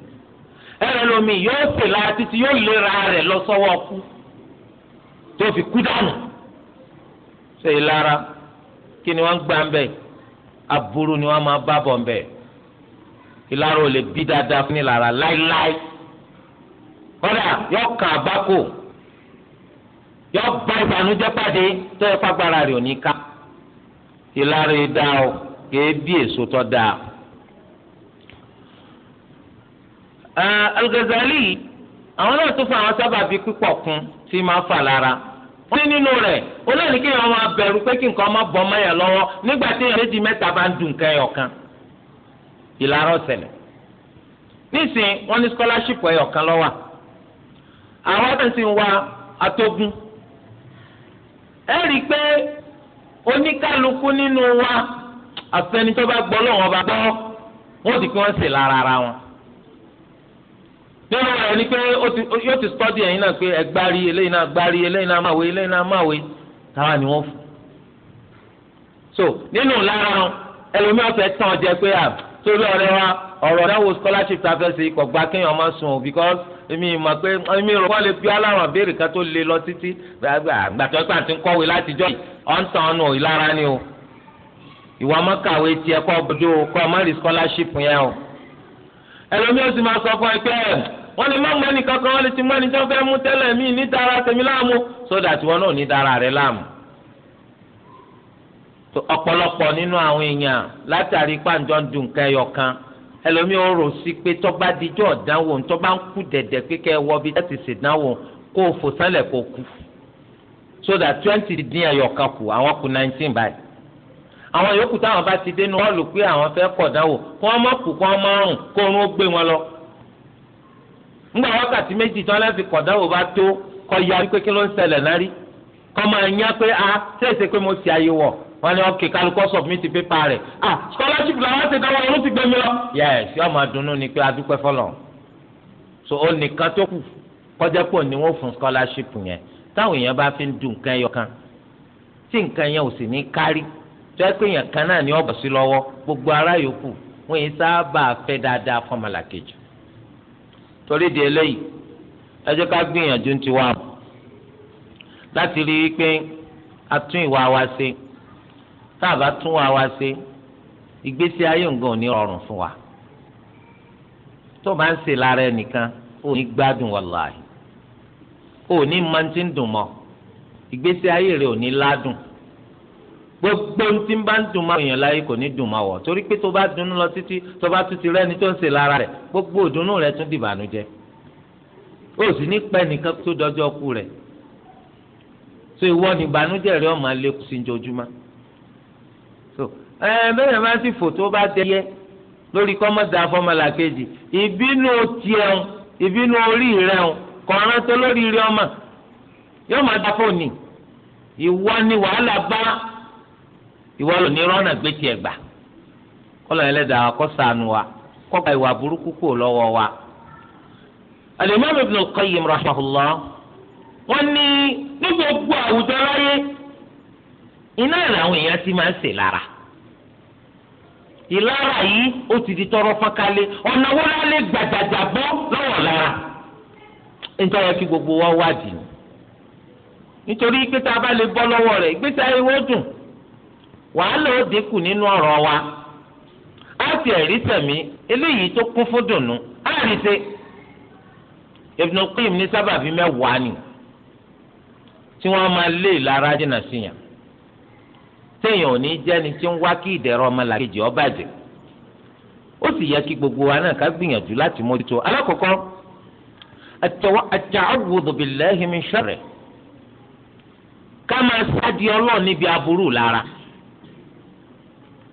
ẹrẹ lomi yóò pè láti tí yóò lera rẹ lọ sọ́wọ́ kú tó fi kú dànù ṣe ìlara kí ni wọ́n gbà ń bẹ̀ aburú ni wọ́n máa bá bọ̀ ń bẹ̀ ìlara ò lè bí dáadáa fún ìlara láéláé kódà yọ kàn àbákò yọ bá ìbànújẹ́ pàdé tó yẹ fagbára rẹ̀ ò ní ká ìlara yìí dá o kìí bí èso tó dá o. Al-Ghazali àwọn náà tún fún àwọn sábàbí pípọ̀ kún tí máa fà lára. wọ́n ní nínú rẹ̀ ó lè ní kí èèyàn máa bẹ̀rù pé kí nǹkan má bọ́ mọ́yàn lọ́wọ́ nígbà tí èèyàn méjì mẹ́ta bá ń dùn ní scholarship ẹyọ̀ kan lọ́wọ́ àwọn àtẹ̀sìn wa atógún ẹ rí i pé nínú wa àfẹnitọ́ bá gbọ́ lọ́wọ́ bá gbọ́ wọ́n lára nínú rẹ̀ ni pé yóò ti stọ́dì ẹ̀yin náà pé ẹgbárí eléyìí náà gbárí eléyìí náà máa wé eléyìí náà máa wé táwa ni wọ́n fún. so nínú lára ẹlòmíràn fẹ́ tán ọ jẹ pé à torí ọ̀rẹ́ wa ọ̀rọ̀ náà scholarship ta fẹ́ ṣe ikọ̀ gba kéèyàn máa sùn o because èmi mọ̀ pé èmi rò wọ́n lè fi aláwọ̀ béèrè kan tó le lọ títí àgbàtọ́ pé àti ń kọ́wé látijọ́ ọ̀ǹtàn ọ̀nà ìlara ni o ìwà mọ́kàwé tiẹ̀ kọ́ bọ́dọ̀ kọ́ mọ́rì scholarship yẹn o ẹlòmíràn sì máa sọ fún ẹ pé wọ́n lè má mọ ẹnì kankan wọ́n lè ti mọ ẹnì tí wọ́n fẹ́ mú tẹ́lẹ̀ mí ní tara tèmi láàmú sódà tí wọ́n náà ní tara rẹ̀ láàmú. ọ̀pọ̀lọpọ̀ nínú àwọn èèyàn látàrí pàǹjọ́ ń dùn kẹyọ kan ẹlòmíì ó rò sí pé tọ́ba díjọ́ ọ̀dánwò tọ́ba ń kú dẹ̀dẹ̀ pé kẹ́ ẹ wọ́ bí ẹ ṣèdánwò kó o fò sálẹ̀ kó o kú sódà twenty dín ẹyọ kan kù àwọn kù nineteen báyìí àwọn yòókù táwọn bá ti dénú wọn lò pé àwọn fẹ́ kọ̀dánwò kó wọn mọ̀ kù kó wọn mọ̀ rùn kó wọn gbé wọn lọ ńgbà wákàtí méjì tí wọ́n láti kọ̀dá wò bá tó kọ́ ya wípé kí ló ń ṣẹlẹ̀ náà rí kọ́ máa ń yá pé a ah, ṣèṣe pé mo ṣe àyè wọ̀ wọ́n ní ọkè kálukọ́ submit pépà rẹ̀ ah scholarship làwọn ṣe dáwọ́ ọ̀run ti gbé mi lọ. yes yóò máa dunnú ni pé a fọlọ́ so ó nìkan tó kù kọjá pọ̀ ni wọ́n fún scholarship yẹn táwọn èèyàn bá fi ń du nǹkan ẹyọ kan tí nǹkan yẹn ò sì ní kárí tó yẹ pé èèyàn kan náà ni ọ̀bọ̀ sí lọ́wọ́ gbogbo ará yòókù wọ́n yìí sábà fẹ́ dáadáa fọmọlàkejì torí di eléyìí ẹ jẹ́ ká gbìyànjú ń tiwa láti rí i pé a tún ìwà wa ṣe tá a bá tún wa wa ṣe ìgbésí ayé nǹkan ò ní rọrùn fún wa tó bá ń ṣe lára ẹnìkan ò ní gbádùn wàláhì ò ní máa ti ń dùn mọ́ ìgbésí ayé rẹ ò ní ládùn gbogbo ntí bá ń dùn máa wọ̀nyàn láyé kò ní dùn máa wọ̀ torí pé tó bá dunnú lọ títí tó bá tún ti rẹ́ni tó ń ṣe lára rẹ̀ gbogbo ìdùnnú rẹ̀ tún dìbànújẹ́ ó sì ní pẹ́ nìkan tó dọjọ́ kú rẹ̀ so ìwọ ní ìbànújẹ́ rẹ̀ ọ̀ma lékún sí ojoojúmọ́ so ẹ bẹ́ẹ̀ máa ti fò tó bá dẹ́yẹ lórí kọ́mọ́dà fọ́mọlà kejì ìbínú tiẹ̀ ìbínú orí rẹ̀ kọ̀ọ̀rán tó lórí rẹ̀ ọmọ yóò ìwọ lò ní na gbé tiẹ̀ gbà kọ́lọ̀ ẹlẹ́dàá kó ṣàánú wa kó gba ìwà burúkú kò lọ́wọ́ wa. Al-Imam Ibn al-Qayyim rahimahullah wọ́n ní ní gbogbo àwùjọ láyé iná làwọn èèyàn ti máa ń ṣe lára ìlara yìí ó ti di tọrọ ọ̀nà wo la lè gbàgbàgbà bọ́ lọ́wọ́ lára kí gbogbo wa wádìí nítorí pé tá a bá lè bọ́ lọ́wọ́ rẹ̀ ìgbésẹ̀ ayé wọ́n wàhálà ó dínkù nínú ọ̀rọ̀ wa á ti ẹ̀rí sẹ̀mí eléyìí tó kún fún dùnú á rí ṣe Ibn Qayyim ní sábàbí mẹ́wàá ni tí wọ́n máa lé ìlara jìnnà sí téèyàn ò ní jẹ́ni tí ń wá kí ìdẹ̀rọ ọmọlàkejì ó sì yẹ kí gbogbo wa náà ká gbìyànjú láti mójútó alákọ̀ọ́kọ́ at ká máa ọlọ́ọ̀ níbi aburú lára.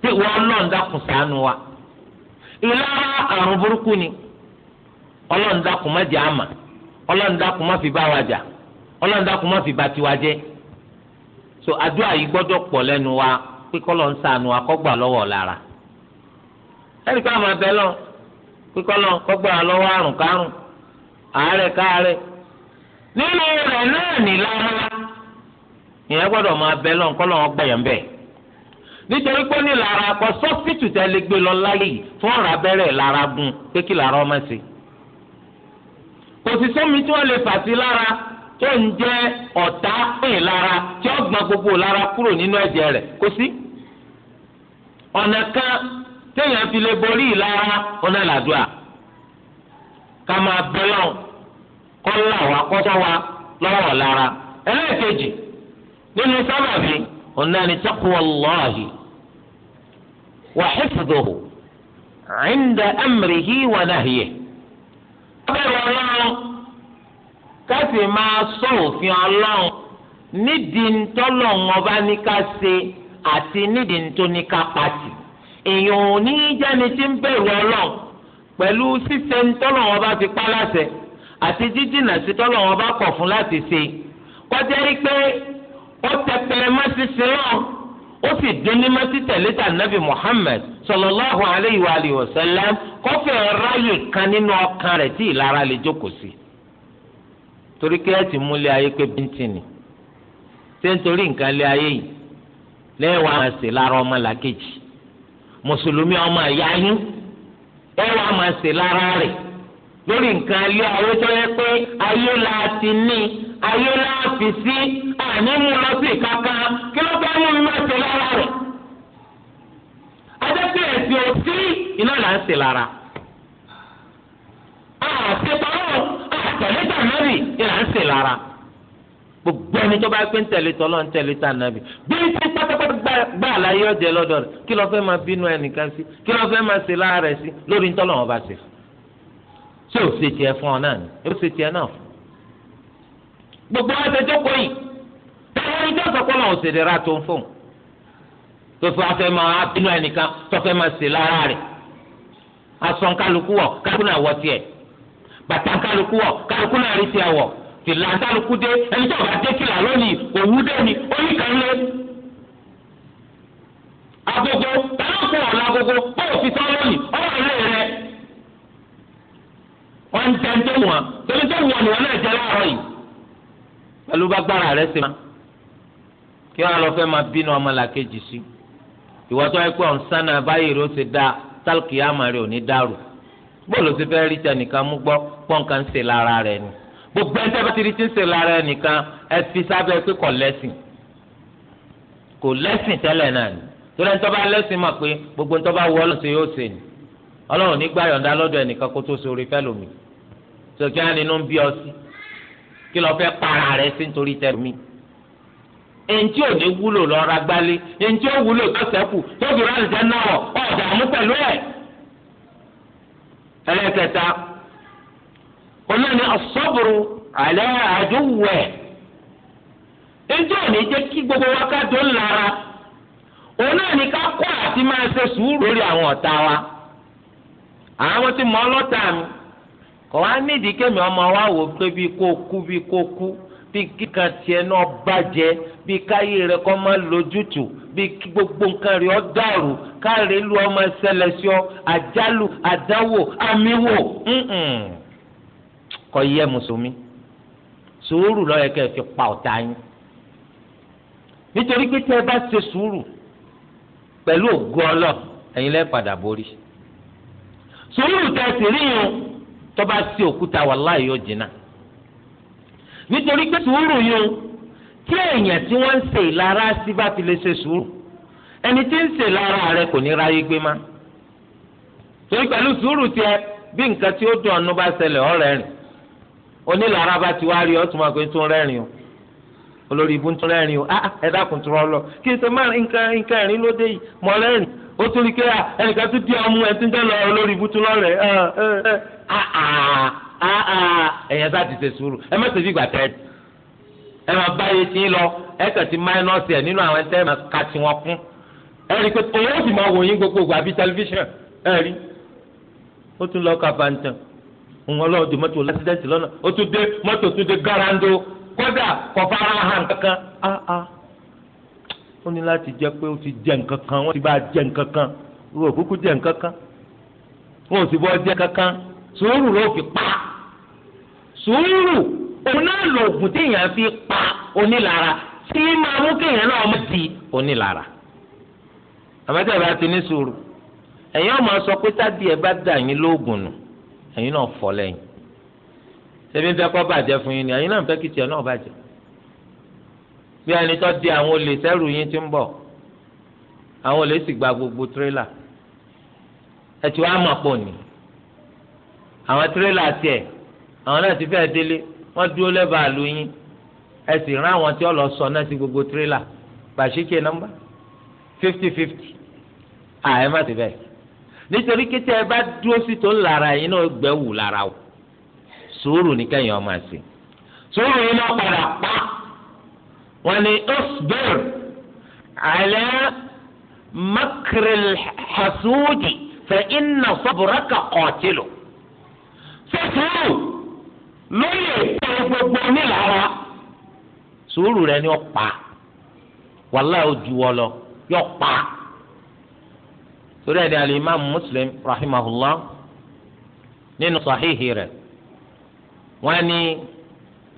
tí wọ́n lọ́n dákun ṣàánú wa ìlara àrùn burúkú ni ọlọ́n dákun má jẹ́ àmà ọlọ́n fi bá wa jà ọlọ́n ma má fi bá tiwa jẹ so àdúrà yìí gbọ́dọ̀ pọ̀ lẹ́nu wa pé ń ṣàánú wa kọ́gbà lọ́wọ́ lára ẹnì máa bẹ lọ pé kọ́gbà lọ́wọ́ àrùn kárùn àárẹ̀ nínú rẹ̀ náà ìyẹn gbọ́dọ̀ máa bẹ lọ nítorí pé ni ní lára akọ sọ́fìtù tẹ lè gbé lọ láyé yìí fún abẹ́rẹ́ lára gún pé kí lára ọmọ sí. kò sì sómi tí wọ́n lè fà sí lára tó ń jẹ́ ọ̀tá pè lára tí ó gbọ́n gbogbo lára kúrò nínú ẹ̀jẹ̀ rẹ̀ kò sí. ọ̀nà kan téèyàn fi lè borí ìlara ọ̀nà ká máa وحفظه عند أمره ونهيه ọbẹ̀rù ọlọ́run káfí òfin ọlọ́run nídìí ntọ́lọ́run ní ká ṣe àti nídìí ní ká pàtì èèyàn ò ní jẹ́ni tí ń bẹ̀rù ọlọ́run pẹ̀lú ṣíṣe ntọ́lọ́run ọba ti àti jíjìnà sí ọba kọ̀ fún láti pé ó má ó sì dín ní mọ́títẹ̀lé tà nàbì muhammed sallallahu alayhi wa alihi wa sallam kọ́fẹ́ ráyè kan nínú ọkàn rẹ̀ tí ìlara lè jókòó sí. torí kí ẹ ti múlẹ̀ ayé pé bíntìnì ṣé nítorí nǹkan lé ayé yìí lẹ́wọ̀n àwọn àṣẹ lára ọmọ làkejì mùsùlùmí ọmọ ìyá yín ẹwà máa ṣe lára rẹ̀ lórí nǹkan lé ayé tó yẹ pé ayé la ti ní ayé láàfi sí àní mú lọ sí ìkaka kí ló fẹ́ mú lọ sí lára rẹ̀. adẹ́sẹ̀ ẹ̀sìn ò sí iná là ń sè lára. àṣetọ́lọ́ àtẹ̀lé tànàbì iná ń sè lára. gbogbo ẹni tó bá pé ń tẹ̀lé tọ́lọ́ ń tẹ̀lé tànàbì bí ń tẹ́ pátápátá gbà láyé ọ̀jẹ̀ lọ́dọ̀ rẹ̀ kí ló fẹ́ máa bínú ẹnìkan sí kí ló fẹ́ máa sè lára rẹ̀ sí lórí ń tọ́lọ́ wọn bá sè. ṣé ò ṣe tiẹ̀ fún ọ náà ni ó ṣe tiẹ̀ náà fún gbogbo wọn ṣe jókòó yìí táwọn ẹni tó sọ pé wọn ò ṣèlè ra tó ń fò tó fẹ́ afẹ́ máa bínú ẹnìkan tó fẹ́ máa ṣe lára rẹ̀ asọ̀n kálukú wọ̀ kálukú náà wọ̀ tiẹ̀ bàtà kálukú wọ̀ kálukú náà rí tiẹ̀ wọ̀ fìlà kálukú dé ẹni tó bá dé fìlà lónìí òwú dé ni oníkan lé agogo kálukú ọ̀la agogo bóyá òfin sọ lónìí ọ̀rọ̀ ilé rẹ̀ wọ́n ń tẹ́ ń tó wọn tó tó wọn ni wọ́n náà jẹ́ láàárọ̀ yìí pẹ̀lú bágbára rẹ̀ ṣe máa kí wọn lọ fẹ́ máa bínú ọmọlàkejì sí ìwọ tó yẹ pé ọ̀n sánà báyìí ló ṣe dá tálkì àmà rẹ̀ ò ní dàrú bóòlù ti fẹ́ rí tẹnìkan mú gbọ́ pọ́ǹkà ń ṣe lára rẹ̀ ni gbogbo ẹ̀ńtẹ́ bá ti rí ti ń ṣe lára ẹ̀ nìkan ẹ fi sábẹ́ pé kò lẹ́sìn kò lẹ́sìn tẹ́lẹ̀ náà ni torí ẹni tó bá lẹ́sìn mọ̀ pé gbogbo ẹni tó bá wọ ọlọ́run ṣe yóò ṣe ni ọlọ́run nígbà kí lọ́ọ́ fẹ́ para rẹ̀ sí nítorí tẹ̀lómi. ẹnjẹ́ ò ní wúlò lọ́ra gbálé ẹnjẹ́ ò wúlò tọ́sẹ̀kù tóbi rẹ̀ ṣẹ́ náà ọ̀dà mú pẹ̀lú ẹ̀. ẹlẹ́kẹta olóòní ọ̀sọ́bùrù àlẹ́ àdúwẹ̀ ẹnjẹ́ ò ní jẹ́ kí gbogbo wa ká dó olóòní ká kọ́ àti máa ṣe sùúrù lórí àwọn ọ̀tá wa àwọn tí mọ ọlọ́tà mi kọ́ wá nídìí kémi ọmọ wa wò pé bí kò kú bí kò kú bí kíkan tiẹ̀ náà bàjẹ́ bí káyé rẹ̀ kọ́ máa lójútùú bí gbogbo nǹkan rẹ̀ ọ́ dàrú káàrí lu ọmọ ẹsẹ̀lẹ̀ sí ọ àjálù àdáwò àmìwò kọ́ yẹ mùsùlùmí sùúrù lọ́yẹ̀ kẹ́ fi pa ọ̀tá yín nítorí pé tẹ́ ẹ bá ṣe sùúrù pẹ̀lú ògo ọlọ́ ẹ̀yin lẹ́ padà borí sùúrù tẹ́ ẹ sì rí tọ́ba sí òkúta wàláhì yóò jìnnà nítorí pé sùúrù yìí tí èèyàn tí wọ́n ń ṣe ìlara sí bá fi lè ṣe sùúrù ẹni tí ń ṣe ìlara rẹ kò ní ráyé gbé má torí pẹ̀lú sùúrù tiẹ̀ bí nǹkan tí ó dùn ọ̀nù bá ṣẹlẹ̀ ọ̀rẹ́ rìn onílára bá ti wá rí ọ́ tó máa pé tó ń rẹ́rìn o olórí ibú ń tó rẹ́rìn o ah, ah, ẹ dákun tó rọ́ lọ kí n ṣe má nǹkan nǹkan ẹ̀rín lóde yìí mọ́ rẹ́rìn ó tún rí kéèyà ẹnìkan tún di ọmú ẹ tún jẹ́ lọ olórí ibùtún lọ́rẹ̀ ẹ ẹ ẹ ẹ̀yẹn sá ti ṣe sùúrù ẹ má ṣe fi gbà tẹ́ ẹ má bá iye tí ń lọ ẹ kàn ti máínọ́ọ̀sì ẹ nínú àwọn ẹ̀ńtẹ́ máa ka tí wọ́n kún ẹ rí i pé òun ó sì máa wòyìn gbogbogbò àbí tẹlifíṣàn ẹ rí tún lọ ka fantan òun ọlọ́run di mọ́tò lásìdẹ́ǹtì lọ́nà ó tún dé mọ́tò tún dé garando kódà kò ó ní láti jẹ́ pé ó ti jẹ nǹkan kan wọ́n ti bá jẹ nǹkan kan wọ́n ò kúkú jẹ nǹkan kan wọ́n ò sì bọ́ jẹ kankan sùúrù ló fi pa sùúrù òun náà lo oògùn téèyàn fi pa onílara tí máa mú kéèyàn náà mú ti onílara àbájáde bá ti ní sùúrù ẹ̀yin ọmọ sọ pé tádì ẹ bá dà yín lóògùn nù ẹ̀yin náà fọ́ lẹ́yìn ṣebí ń fẹ́ kọ́ bàjẹ́ fún yín ni ẹ̀yin náà ń fẹ́ kí náà bàjẹ́ bí ẹni tó di àwọn olè sẹ́rù yín ti ń bọ̀ àwọn olè sì gba gbogbo tírélà ẹ ti wá mọ̀ pọ̀ ní àwọn tírélà tiẹ̀ àwọn náà ti fẹ́ délé wọ́n dúró lẹ́bàá lu yín ẹ sì rán àwọn tí ó sọ náà sí gbogbo tírélà bàṣíkè nọ́mbà fifty fifty à ẹ má ti bẹ́ẹ̀ nítorí kété ẹ bá dúró sí tó ń lára yín náà gbẹ́ wù lára o sùúrù ní kẹ́yìn ọmọ àti sùúrù yín náà padà pa wọ́n ní isbir ala makril hasudi fa inna sabraka qatilu sẹ́sùrù lórí ètò gbogbo nílára sùúrù rẹ ni ó pa wàláhì ojú wọ lọ yóò pa torí ẹni alimami muslim rahimahullah nínú sahihi rẹ wọ́n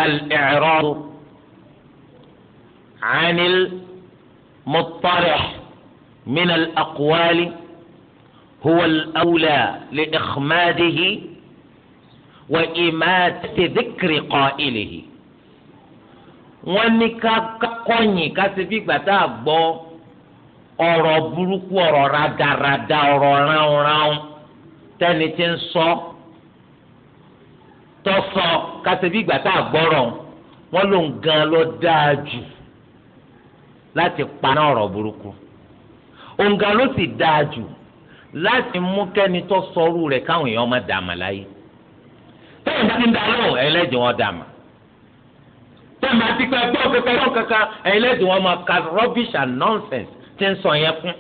al-i'radu. عن المطرح من الأقوال هو الأولى لإخماده وإماتة ذكر قائله ونكا ní ká kọ̀yìn ká ṣe bí ìgbà tá a gbọ́ ọ̀rọ̀ burúkú ọ̀rọ̀ radarada ọ̀rọ̀ ránranran tẹ́ni tí ń sọ tọsọ ká ṣe ìgbà tá a gbọ́rọ̀ wọ́n lòun gan ló dáa jù láti paná ọ̀rọ̀ burúkú òǹgà ló sì dáa jù láti mú kẹ́ni tó sọrú rẹ̀ káwọn èèyàn má dààmà láyé tẹ́yìn bá ti ń da lóhùn ẹlẹ́dìí wọn dààmà tẹ́yìn bá ti pẹ́ gbọ́ pẹ́pẹ́ lọ́wọ́ kankan ẹlẹ́dìí wọn máa ka rubbish and nonsense ti ń sọ yẹn kún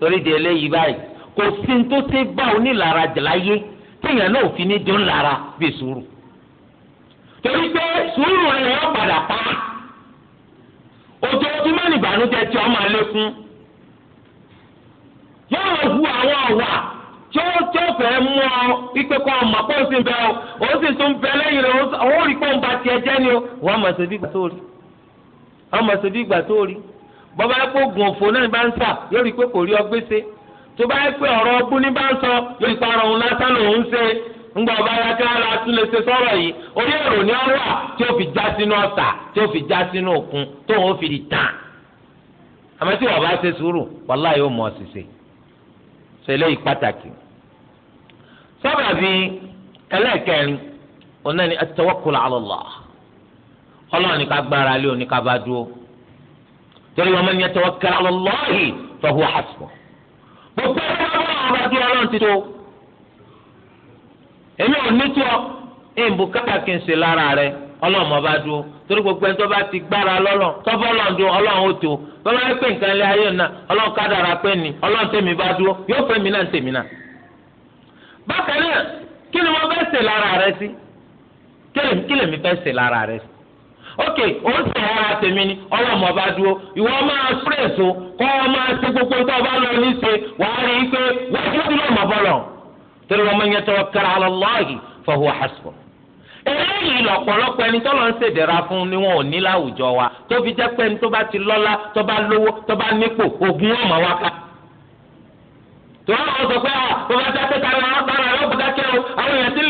torí di eléyìí báyìí kò sí ní tó ṣe bá onílara jàláyé téèyàn náà fi ní dún lára bí sùúrù torí pé sùúrù rẹ̀ yọ padà pa á. ojoojúmọ́ nìbànújẹ́ tí ọmọ lékún yóò lọ hu àwọn ọ̀wà tí ó tí ó fẹ́ mú ọ wípé kọ́ ọmọ sì ń bẹ ọ sì tún bẹ lẹ́yìn rẹ ó rí pé ń ba tiẹ̀ jẹ́ ni o wọ́n mọ̀ sí bí ìgbà tó rí wọ́n mọ̀ sí bí ìgbà tó rí bọ́bá yẹ kó ńgbà ọba ya kí wọn lọ tún lè yìí orí èrò ni a tí o fi já sínú ọ̀sà tí o fi já sínú òkun tó o fi di tàn àmọ́ tí wọn bá ṣe sùúrù wàhálà yóò mọ ṣiṣẹ́ ṣe eléyìí pàtàkì sábàbí ẹlẹ́ẹ̀kẹrin ọ̀nà ni at-tawakkul ala Allah ọlọ́run ká gbára lé òní ká bá wọn èmi ò ní tó ń bu kápá kí n ṣe lára rẹ ọlọ́run ọba dúró torí gbogbo ẹni tó bá ti gbára lọ́lọ́ tọ́fọ́ lọ́n dún ọlọ́run ó tó bọ́lá ẹ pé nǹkan ayé náà ọlọ́run pé ni ọlọ́run tèmi bá dúró yóò fẹ́ mi náà tèmi náà. bákan náà kí ni wọ́n fẹ́ ṣe lára rẹ sí kí lèmi fẹ́ ṣe lára rẹ ara tèmi ni ọlọ́run ọba dúró ìwọ máa kọ́ ọ máa ṣe gbogbo tó torí wa man yatawakkal ala Allahi fa huwa hasbuh. eléyìí lọ̀pọ̀lọpọ̀ ẹni tó lọ ń ṣèdẹ̀ra fún ni wọn ò ní láwùjọ wa tó fi jẹ́ pé ẹni tó bá ti lọ́lá tó bá lówó tó bá nípò ògùn ọmọ wa ká. tòun àwọn sọ pé ah, àwọn bá dá pẹ́ta ní wọn bára lọ́bù dákẹ́ ọlọ́wọ́n ọba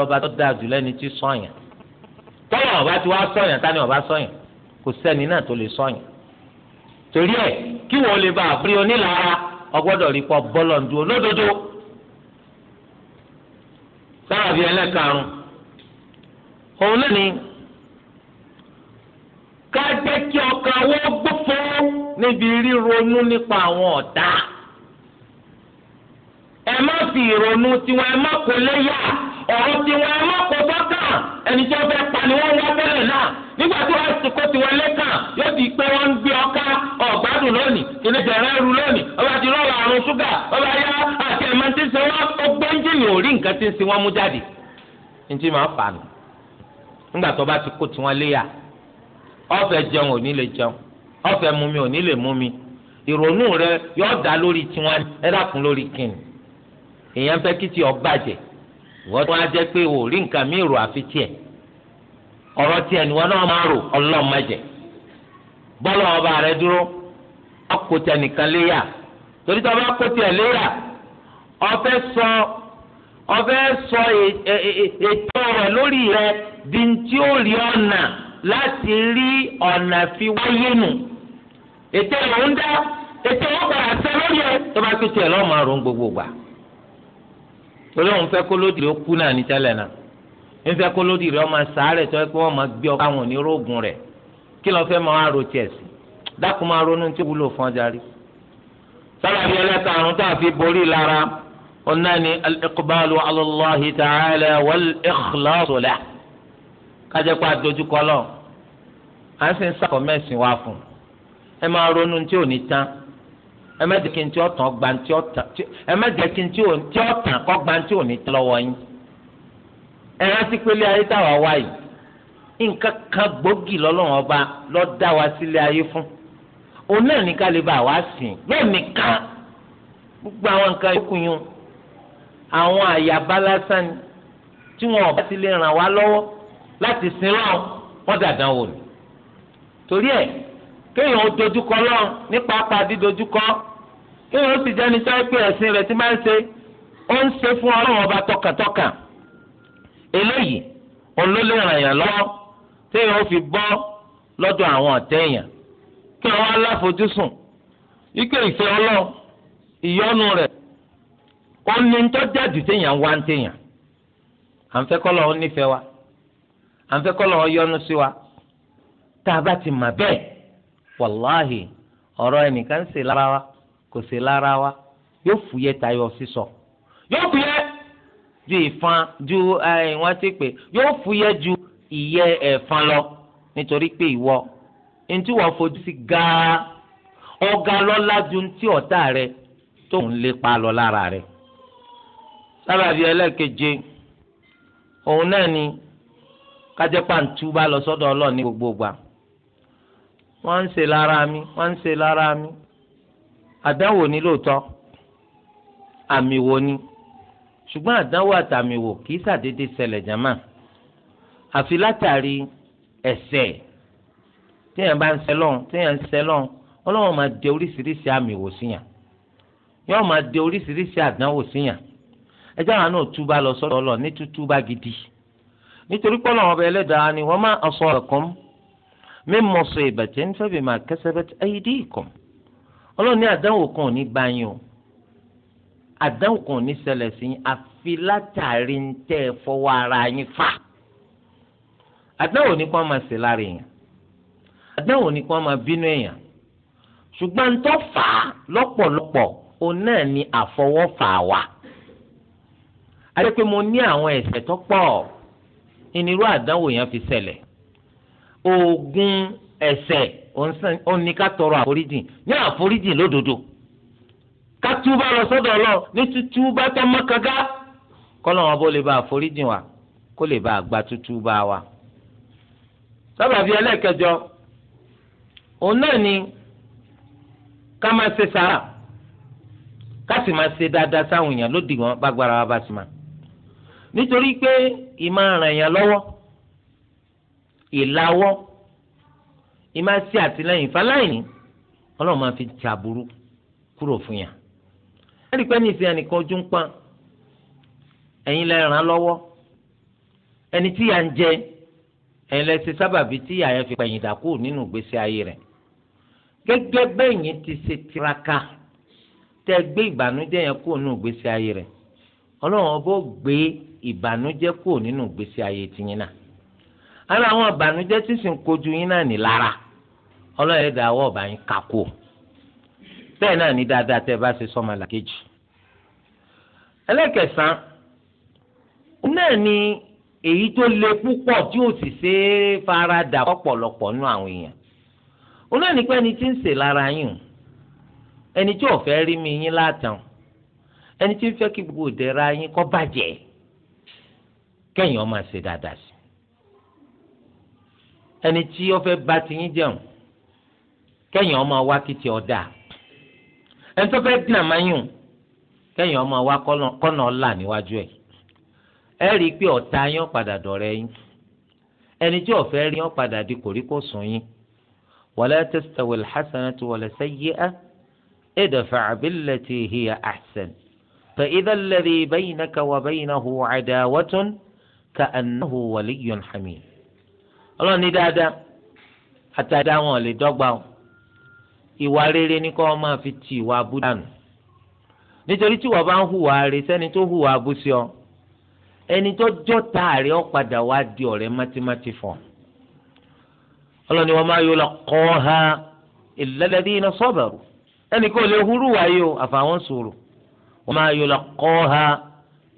lọ́ba tó dáa jù lẹ́ni tí sọ́yàn bọ́lá ọba tí wàá sọ̀yàn tani ọba sọ̀yàn kò sẹ́ni náà tó lè sọ̀yàn torí ẹ̀ kí wọ́n lè bá àpérí onílára ọgbọ́dọ̀ rí pọ̀ bọ́lọ̀ ju olódodo sábàbí ẹlẹ́karùn òun náà ni ká jẹ́ kí ọkàn wọ́n gbófó níbi ríronú nípa àwọn ọ̀tá ẹ má fi ìrònú tiwọn ẹ má kó léyà ọ̀rọ̀ tiwọn ẹ má kó ẹni tí wọ́n fẹ́ pa ni wọ́n wá bẹ́ẹ̀ náà nígbà tí wọ́n ti kó ti wọlé kàn yóò di pé wọ́n ń gbé ọká ọ̀gbádùn lónìí kìnìún bẹ̀rẹ̀ ẹrù lónìí ọba ti rọrọ àrùn ṣúgà ọba yá àti ẹ̀mọ́ ti ń sin wọn ó gbé ẹ́ńjìnì ò rí nǹkan ti ń sin wọn mú jáde. ǹjẹ́ máa fà nù nígbà tó bá ti kó tiwọn léyà ọ̀fẹ́ jẹun ò lè jẹun ọ̀fẹ́ mumi ò lè mumi ìrònú rẹ yóò dá lórí tiwọn ẹ dákun lórí kíni wọ́n tún á jẹ́ pé o rí nǹkan mi rò àfi tiẹ̀ ọ̀rọ̀ tiẹ̀ ni wọ́n náà máa rò bọ́lá ọba rẹ dúró ọkọ̀ nìkan léyà torí tí ọba kò tiẹ̀ léyà ọfẹ́ sọ ọfẹ́ sọ e, e, e, ètò lórí di fi wáyé nù ètò dá ètò àti tó bá gbogbo gbà. torí òun fẹ́ kó lódìrí ó kú náà ní tẹ́lẹ̀ náà ń fẹ́ kó lódìrí ọmọ sàárẹ̀ tó yẹ pé wọ́n máa gbé ọkọ àwọn onírògùn rẹ̀ kí lọ́ọ́ fẹ́ máa ro tiẹ̀ dákun máa ronú tí wúlò fún ọjà sábàbí ẹlẹ́ta àrùn tá a fi borí lára ọ̀nà ni al-iqbalu ala Allahi ta'ala wal-ikhlasu lahu kájẹ́ pé àdójúkọ lọ à ń sìn sàkọ́ mẹ́sìn wá fún ẹ máa ronú tí ò ní tán ẹ má jẹ́ kí n tí ó tàn gba tí ó tàn ẹ má jẹ́ kí n tí ó tàn kọ́ gba tí ò ní tẹ́ lọ́wọ́ yín ẹ rántí pé ilé ayé táwa wá yìí nǹkan kan gbòógì lọ́lọ́run ọba ló dá wa sílé ayé fún òun náà ní ká lè bá wa sìn lẹ́ẹ̀nìkan gbogbo àwọn nǹkan yòókù yún àwọn àyàbá lásán ni tí wọn ò bá ràn wá lọ́wọ́ láti sin lọ́wọ́ wọ́n dàdán wò ni torí ẹ̀ kéèyàn ó dojúkọ lọ́n nípa apàdé dojúkọ kéèyàn ó sì jẹ́ni tó pé ẹ̀sìn rẹ̀ ti máa ń ṣe ó ń ṣe fún ọlọ́run ọba tọkàntọkàn eléyìí òun ló lè ràn yàn lọ́wọ́ téèyàn ó fi bọ́ lọ́dọ̀ àwọn ọ̀tẹ̀yàn kí wọ́n á láfojúsùn ike ìfẹ́ ọlọ́run ìyọ́nú rẹ̀ ó ní ń tọ́jú àdùtéyàn wá ń téyàn à ń fẹ́ kọ́ lọ́wọ́ nífẹ̀ẹ́ wa à ń fẹ́ kọ́ lọ́wọ́ yọ́nú sí wa tá a bá ti mà bẹ́ẹ̀ wàláhì ọ̀rọ̀ ẹnìkan ṣe lára wa kò ṣe lára wa yóò tayọ sísọ yóò ju ìfan ju ìwọ̀n ti pè ju ìyẹ́ ẹ̀fan lọ nítorí pé ìwọ wọ́n fojú sí gáá ọ̀gá ju ọ̀tá rẹ tó ń lépa lọ lára rẹ sábàbí òun náà ni lọ sọ́dọ̀ ọlọ́ọ̀ ní gbogbo gbà. wọ́n ń ṣe lára mi wọ́n ń ṣe lára mi àdánwò ni lóòótọ́ àmì wo ni ṣùgbọ́n àdánwò àtàmì wò kì í ṣàdédé ṣẹlẹ̀ jàmá àfi látàrí ẹ̀ṣẹ̀ téèyàn bá ń ṣẹlọ́n téèyàn ń ṣẹlọ́n ọlọ́wọ́n máa de oríṣiríṣi àmì wò síyàn yóò máa de oríṣiríṣi àdánwò síyàn ẹjọ́ àwọn náà túbà lọ sọ́dọ̀ ọlọ́ ní tútúbà gidi nítorí pé ọba ẹlẹ́dàá ni wọ́n máa asọ̀rọ̀ min musibatin fabima kasabat aydikum ọlọ́run ní àdánwò kan ò ní bá yín o àdánwò kan ò ní ṣẹlẹ̀ sí yín àfi látàrí ń tẹ́ ẹ fọwọ́ ara yín fà àdánwò ní kó máa ṣe lára èèyàn àdánwò ní kó máa bínú èèyàn ṣùgbọ́n tó fà á lọ́pọ̀lọpọ̀ òun náà ni àfọwọ́fà wà àti pé mo ní àwọn ẹ̀ṣẹ̀ tó pọ̀ ìnirú àdánwò yẹn fi ṣẹlẹ̀ Ogun ẹ̀ṣẹ̀ òní ká tọrọ àforíjì ní àforíjì lódodo ká túbà lọ sọ́dọ̀ Ọlọ́run ní túbà tó mọ́kàgá kọ́lọ́wọ́n bó lè bá àforíjì wa kó lè bá àgbà túbà wa. sábàbí ẹlẹ́kẹjọ òun náà ni ká máa ṣe sàrà ká sì máa ṣe dáadáa sáwọn èèyàn lódì wọn bá gbára wa bá sì máa nítorí pé ìmọ̀ ràn yàn lọ́wọ́ ìlawọ́ ìmáṣe àtìlẹ́yìn fáláìní Ọlọ́run máa fi tàbúrú kúrò fún yàn. láti pẹ́ ní ìsìn ẹnìkan ojú ń pọ́n ẹ̀yin lẹ ràn án lọ́wọ́ ẹni tí yà ń jẹ ẹ̀yin lẹ ṣe sábàbí tí yà yẹn fi pẹ̀yìn dàkú nínú ìgbésí ayé rẹ̀ gẹ́gẹ́ bẹ́yìn ti ṣe tiraka tẹ́ gbé ìbànújẹ́ yẹn kúrò nínú ìgbésí ayé rẹ̀ Ọlọ́run ọbọ̀ gbé ìbànújẹ́ kúrò nínú ìgbésí ayé tìyín náà ara àwọn ìbànújẹ́ tí sì ń kojú yín náà ní lára ọlọ́yẹ̀ dà wọ́ ọ̀bà yín kakó bẹ́ẹ̀ náà ní dáadáa tẹ́ bá ṣe sọ́mọ làkejì. ẹlẹ́kẹ̀sán náà ni èyí tó le púpọ̀ tí ò sì ṣe é fara dà ọ̀pọ̀lọpọ̀ nínú àwọn èèyàn òun náà ní pé ẹni tí ń ṣe lára yín ẹni tí ò fẹ́ rí mi yín látàn ẹni tí ń fẹ́ kí gbogbo ìdẹ̀ra yín kó bàjẹ́ kẹ́yìn ó ṣe dáadáa sí ẹni tí ó fẹ́ ba tiyín jẹun kẹ́yìn ọmọ wa kí ti ọ̀dà ẹni tó fẹ́ dínà máa yùn kẹ́yìn ọmọ wa kọ́nà ọ̀la níwájú ẹ̀ ẹ rí i pé ọ̀tá yín padà dọ̀rẹ́ yín ẹni tí ó fẹ́ rí yín padà di kòríkòsùn yín wala tastawil hasanatu wala sayyi'a idfa' billati hiya ahsan fa idha alladhi baynaka wa baynahu adawatun ka'annahu waliyyun hamim ọlọ́run ní dáadáa àtàdá wọn lè dọ́gba o ìwà rere ni kó o máa fi ti ìwà abú dànù nítorí tí wọ́n bá ń hùwà rè sẹ́ni tó hùwà abú sí ọ ẹni tó jọ́ta rẹ̀ ó padà wá di ọ̀rẹ́ mátímátí fọ́ ọlọ́run ni wọ́n máa yọ lọ kọ́ ha ìlẹ́lẹ́dí iná sọ́bẹ̀rù ẹnì kò lè hurú wáyé o àfàwọn sòrò wọ́n máa yọ lọ kọ́ ha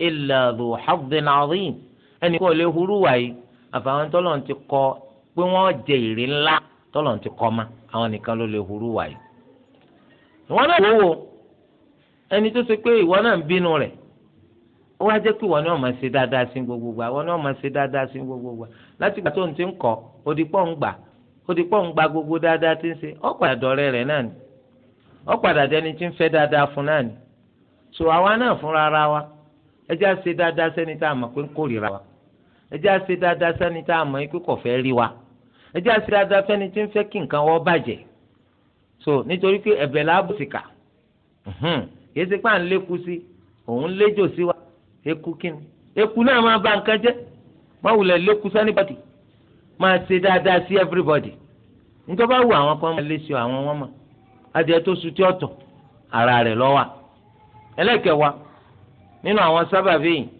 ìlàdùn hàbdìn àdín ẹnì kò lè hurú wáyé àfàwọn tọ́lọ̀ ti kọ pé wọ́n jẹ èrè ńlá tọ́lọ̀ ti kọ́ ma àwọn nìkan ló lè hurú wáyé. ìwọ náà wò ó ẹni tó ṣe pé ìwọ náà ń bínú rẹ̀ ó wá jẹ́ pé ìwọ náà máa ṣe dáadáa sí gbogbo gbà ìwọ náà máa ṣe dáadáa sí gbogbo gbà láti gbà tó ń ti ń kọ́ òdìpọ̀ ń gbà òdìpọ̀ ń gba gbogbo dáadáa ti ń ṣe ó padà dọ̀rẹ́ rẹ̀ náà ni ó padà dẹni tí ń fẹ́ dáadáa fún náà ni so àwa náà fúnra ara wa ẹ já ṣe dáadáa sẹ́ni tá a mọ̀ pé ń kórìíra wa ẹ jẹ́ àṣe dáadáa sẹ́ni tá a mọ̀ ikú kò fẹ́ rí wa ẹ àṣe dáadáa fẹ́ni tí ń fẹ́ kí nǹkan wọ́n bàjẹ́ so nítorí pé ẹ̀bẹ̀ láàbù sì kà kì í ṣe pé à ń lékú sí òun léjò sí wa eku kíni eku náà máa ba nǹkan jẹ́ má wulẹ̀ lékú sẹ́nibọ́dì máa ṣe dáadáa sí everybody nítorí bá wù àwọn kan máa lé sí àwọn wọn mọ̀ adìẹ tó sutí ọ̀tọ̀ ara rẹ̀ lọ́wọ́ ẹlẹ́kẹ̀wá nínú àwọn sábàbí yìí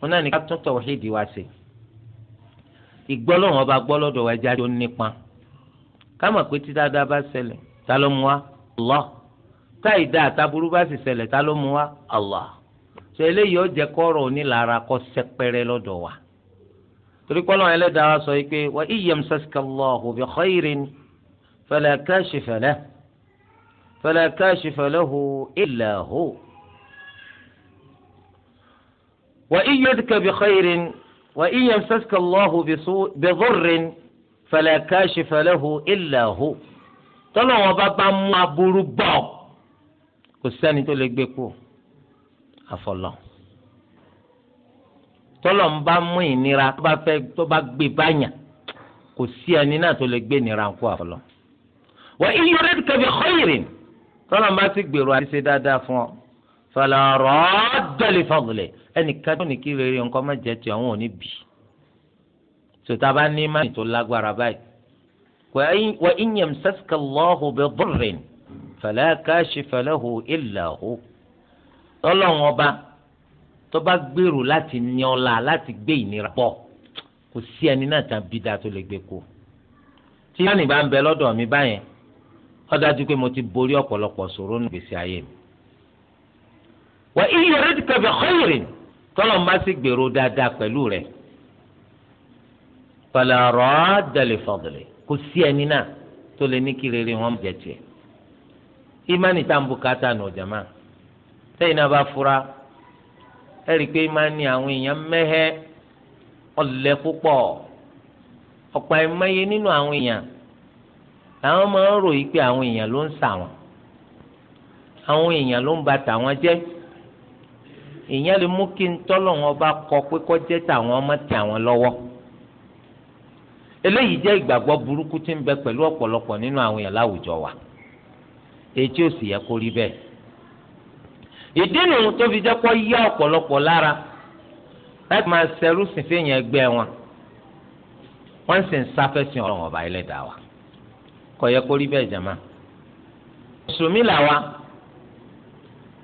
wọn náà ní ká tún tọ̀wọ̀hídì wa ṣe ìgbọ́lọ́wọ́n ọba gbọ́lọ́dọ̀ wa jáde ó nípa ká mọ̀ pé tí dáadáa bá ṣẹlẹ̀ ta ló mú wa Allah tá ìdá àtàbúrú bá sì ṣẹlẹ̀ ta ló mú wa Allah sọ eléyìí ó jẹ́ kọ́rọ̀ onílara kọ́ sẹ́pẹ́rẹ́ lọ́dọ̀ wa torí pé Ọlọ́run ẹlẹ́dàá wa sọ pé wa iyyamsaska Allahu bi khairin fala kashifa lahu fala kashifa lahu illa hu وإن يدك بخير وإن يمسسك الله بضر فلا كاشف له إلا هو tọ́lọ́wọ́n bá bá mú aburú bọ̀ kò sẹ́ni tó lè gbé kú àfọlọ́ tọ́lọ́wọ́n bá mú ìnira tó bá fẹ́ tó bá gbé báyà kò sí ẹni náà tó lè gbé ìnira kú àfọlọ́ wọ́n iye rẹ̀ kẹ̀kẹ́ bí khairin tọ́lọ́wọ́n bá sì gbèrò àti ṣe dáadáa fún ọ fala radda li fadlihi ẹnìkan tó ní kí rere nǹkan má jẹ́ tiẹ̀ wọn ò ní bì sòtá bá ní má ní tó lágbára báyìí wa in yamsaska Allahu bi durrin fala kashifa lahu illa hu ọlọ́run ọba tó bá gbèrò láti ní ọlá láti gbé ìnira pọ̀ kò sí ẹni náà tán bí tó lè gbé kó tí yánni bá ń bẹ lọ́dọ̀ mi báyẹn ó dájú pé mo ti borí ọ̀pọ̀lọpọ̀ ṣòro gbèsè ayé mi wà iye rẹ ti kẹfẹ xeyìrì tọ́lọ̀ ń sì gbèrò dáadáa pẹ̀lú rẹ̀ fàlàrọ̀ dàlẹ́ fọ̀dọ̀lẹ́ kò sí ẹni náà tó lè ní kí wọn jẹ tiẹ̀ tá bá fura pé àwọn èèyàn mẹ́hẹ́ ọ̀lẹ́ púpọ̀ ọ̀pọ̀ ẹ̀mẹ́yẹ nínú àwọn èèyàn làwọn máa ń ròyìn pé àwọn èèyàn ló ń ìyẹn lè mú kí n tọ́lọ̀ wọn bá kọ pé kọjẹ́ tàwọn ọmọ tẹ àwọn lọ́wọ́ eléyìí jẹ́ ìgbàgbọ́ burúkú tí ń bẹ pẹ̀lú ọ̀pọ̀lọpọ̀ nínú àwọn èèyàn láwùjọ wa èyí tí ó sì yẹ kó rí bẹ́ẹ̀ ìdí nu tó fi jẹ́ kó yá ọ̀pọ̀lọpọ̀ lára láti máa ṣẹrú sìn fẹ́yìn ẹgbẹ́ wọn wọ́n sì ń sáfẹ́sìn ọ̀rọ̀ ọ̀bà ẹlẹ́dàá wa kò yẹ kó rí bẹ́ẹ̀ jàmá mùsùlùmí làwa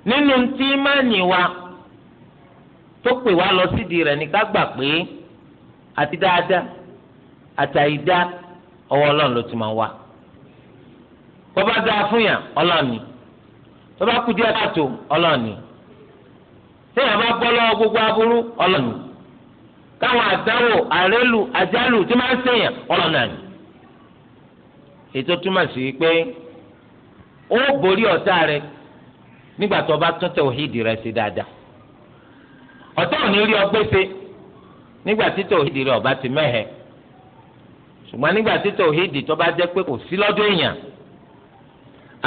nínú tí máa nì wa. tó pè wá lọ sídìí rẹ̀ ní ká gbà pé àti dáadáa àtàyídá ló ti máa wá tó bá dáa fún yàn ọlọ́run ni tó bá kú díẹ̀ káàtó ọlọ́run ni téèyàn bá bọ́ lọ́wọ́ gbogbo aburú ọlọ́run ni káwọn àdánwò àrélù àjálù tí máa ń ṣèyàn ọlọ́run náà ni ètò túmọ̀ sí pé ó borí ọ̀tá rẹ nígbà tó bá tún rẹ sí ọ̀tọ́ ò ní rí ọgbẹ́ ṣe nígbà tí tòhídì rẹ̀ ọba ti mẹ́hẹ̀ ṣùgbọ́n nígbà tí tòhídì tó bá jẹ́ pé kò sí lọ́dọ̀ èèyàn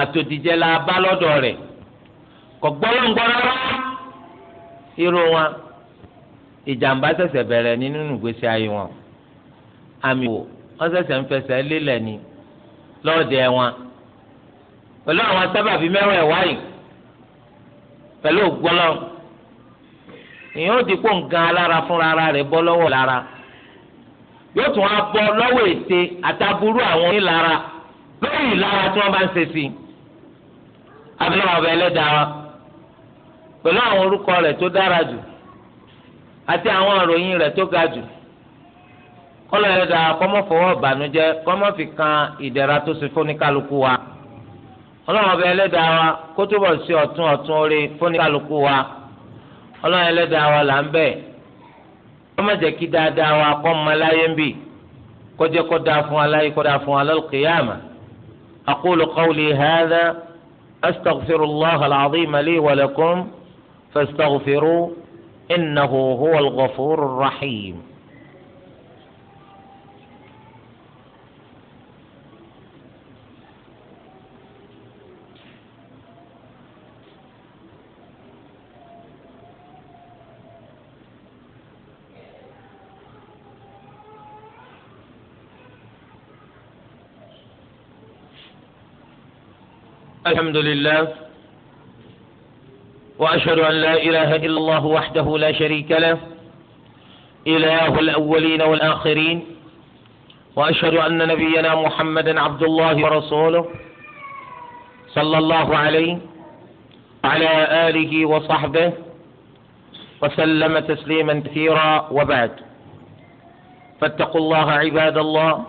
àtòdìjẹ́ la bá lọ́dọ̀ rẹ̀ kò gbọ́lọ́ngbọ́ rárá irú wọn ìjàmbá ṣẹ̀ṣẹ̀ bẹ̀rẹ̀ nínú ìgbésí ayé wọn àmì wò wọ́n ṣẹ̀ṣẹ̀ ń fẹsẹ̀ lélẹ̀ ni lọ́ọ̀dẹ wọn pẹ̀lú àwọn sábàbí mẹ́wàá ẹ̀ wáyìí pẹ̀lú ògbọ́lọ́ngbọ́ èèyàn ò dìpọ̀ nǹkan alára fúnra ara rẹ̀ bọ́ lọ́wọ́ lára yóò tún wá bọ́ lọ́wọ́ ète àtàbúrú àwọn onílára lórí ìlara tí wọ́n bá ń ṣe sí i abẹ́lẹ́ ọ̀bẹ ẹlẹ́dàá wa pẹ̀lú àwọn orúkọ rẹ̀ tó dára jù àti àwọn ìròyìn rẹ̀ tó ga jù kọ́lọ̀ ẹlẹ́dàá kọ́mọ́fọwọ́ ìbànújẹ́ kọ́mọ́fì kan ìdẹ̀ra tó ṣe fún oníkálukú wa ọlọ́run ọbẹ̀ ẹlẹ́dàá wa sí ọ̀tún ọ̀tún orí fún oníkálukú wa ọlọ́run ẹlẹ́dàá wa là ń bẹ̀ wọ́n má jẹ́ kí dáadáa wa kọ́ mọ aláyé ń bì kọjá kọ́ dáa fún aláyé kọ́ dáa fún alálùkìyàmà aqulu qawli hadha astaghfirullaha al-azim li wa lakum fastaghfiru innahu huwa al rahim. الحمد لله واشهد ان لا اله الا الله وحده لا شريك له اله الاولين والاخرين واشهد ان نبينا محمدا عبد الله ورسوله صلى الله عليه وعلى اله وصحبه وسلم تسليما كثيرا وبعد فاتقوا الله عباد الله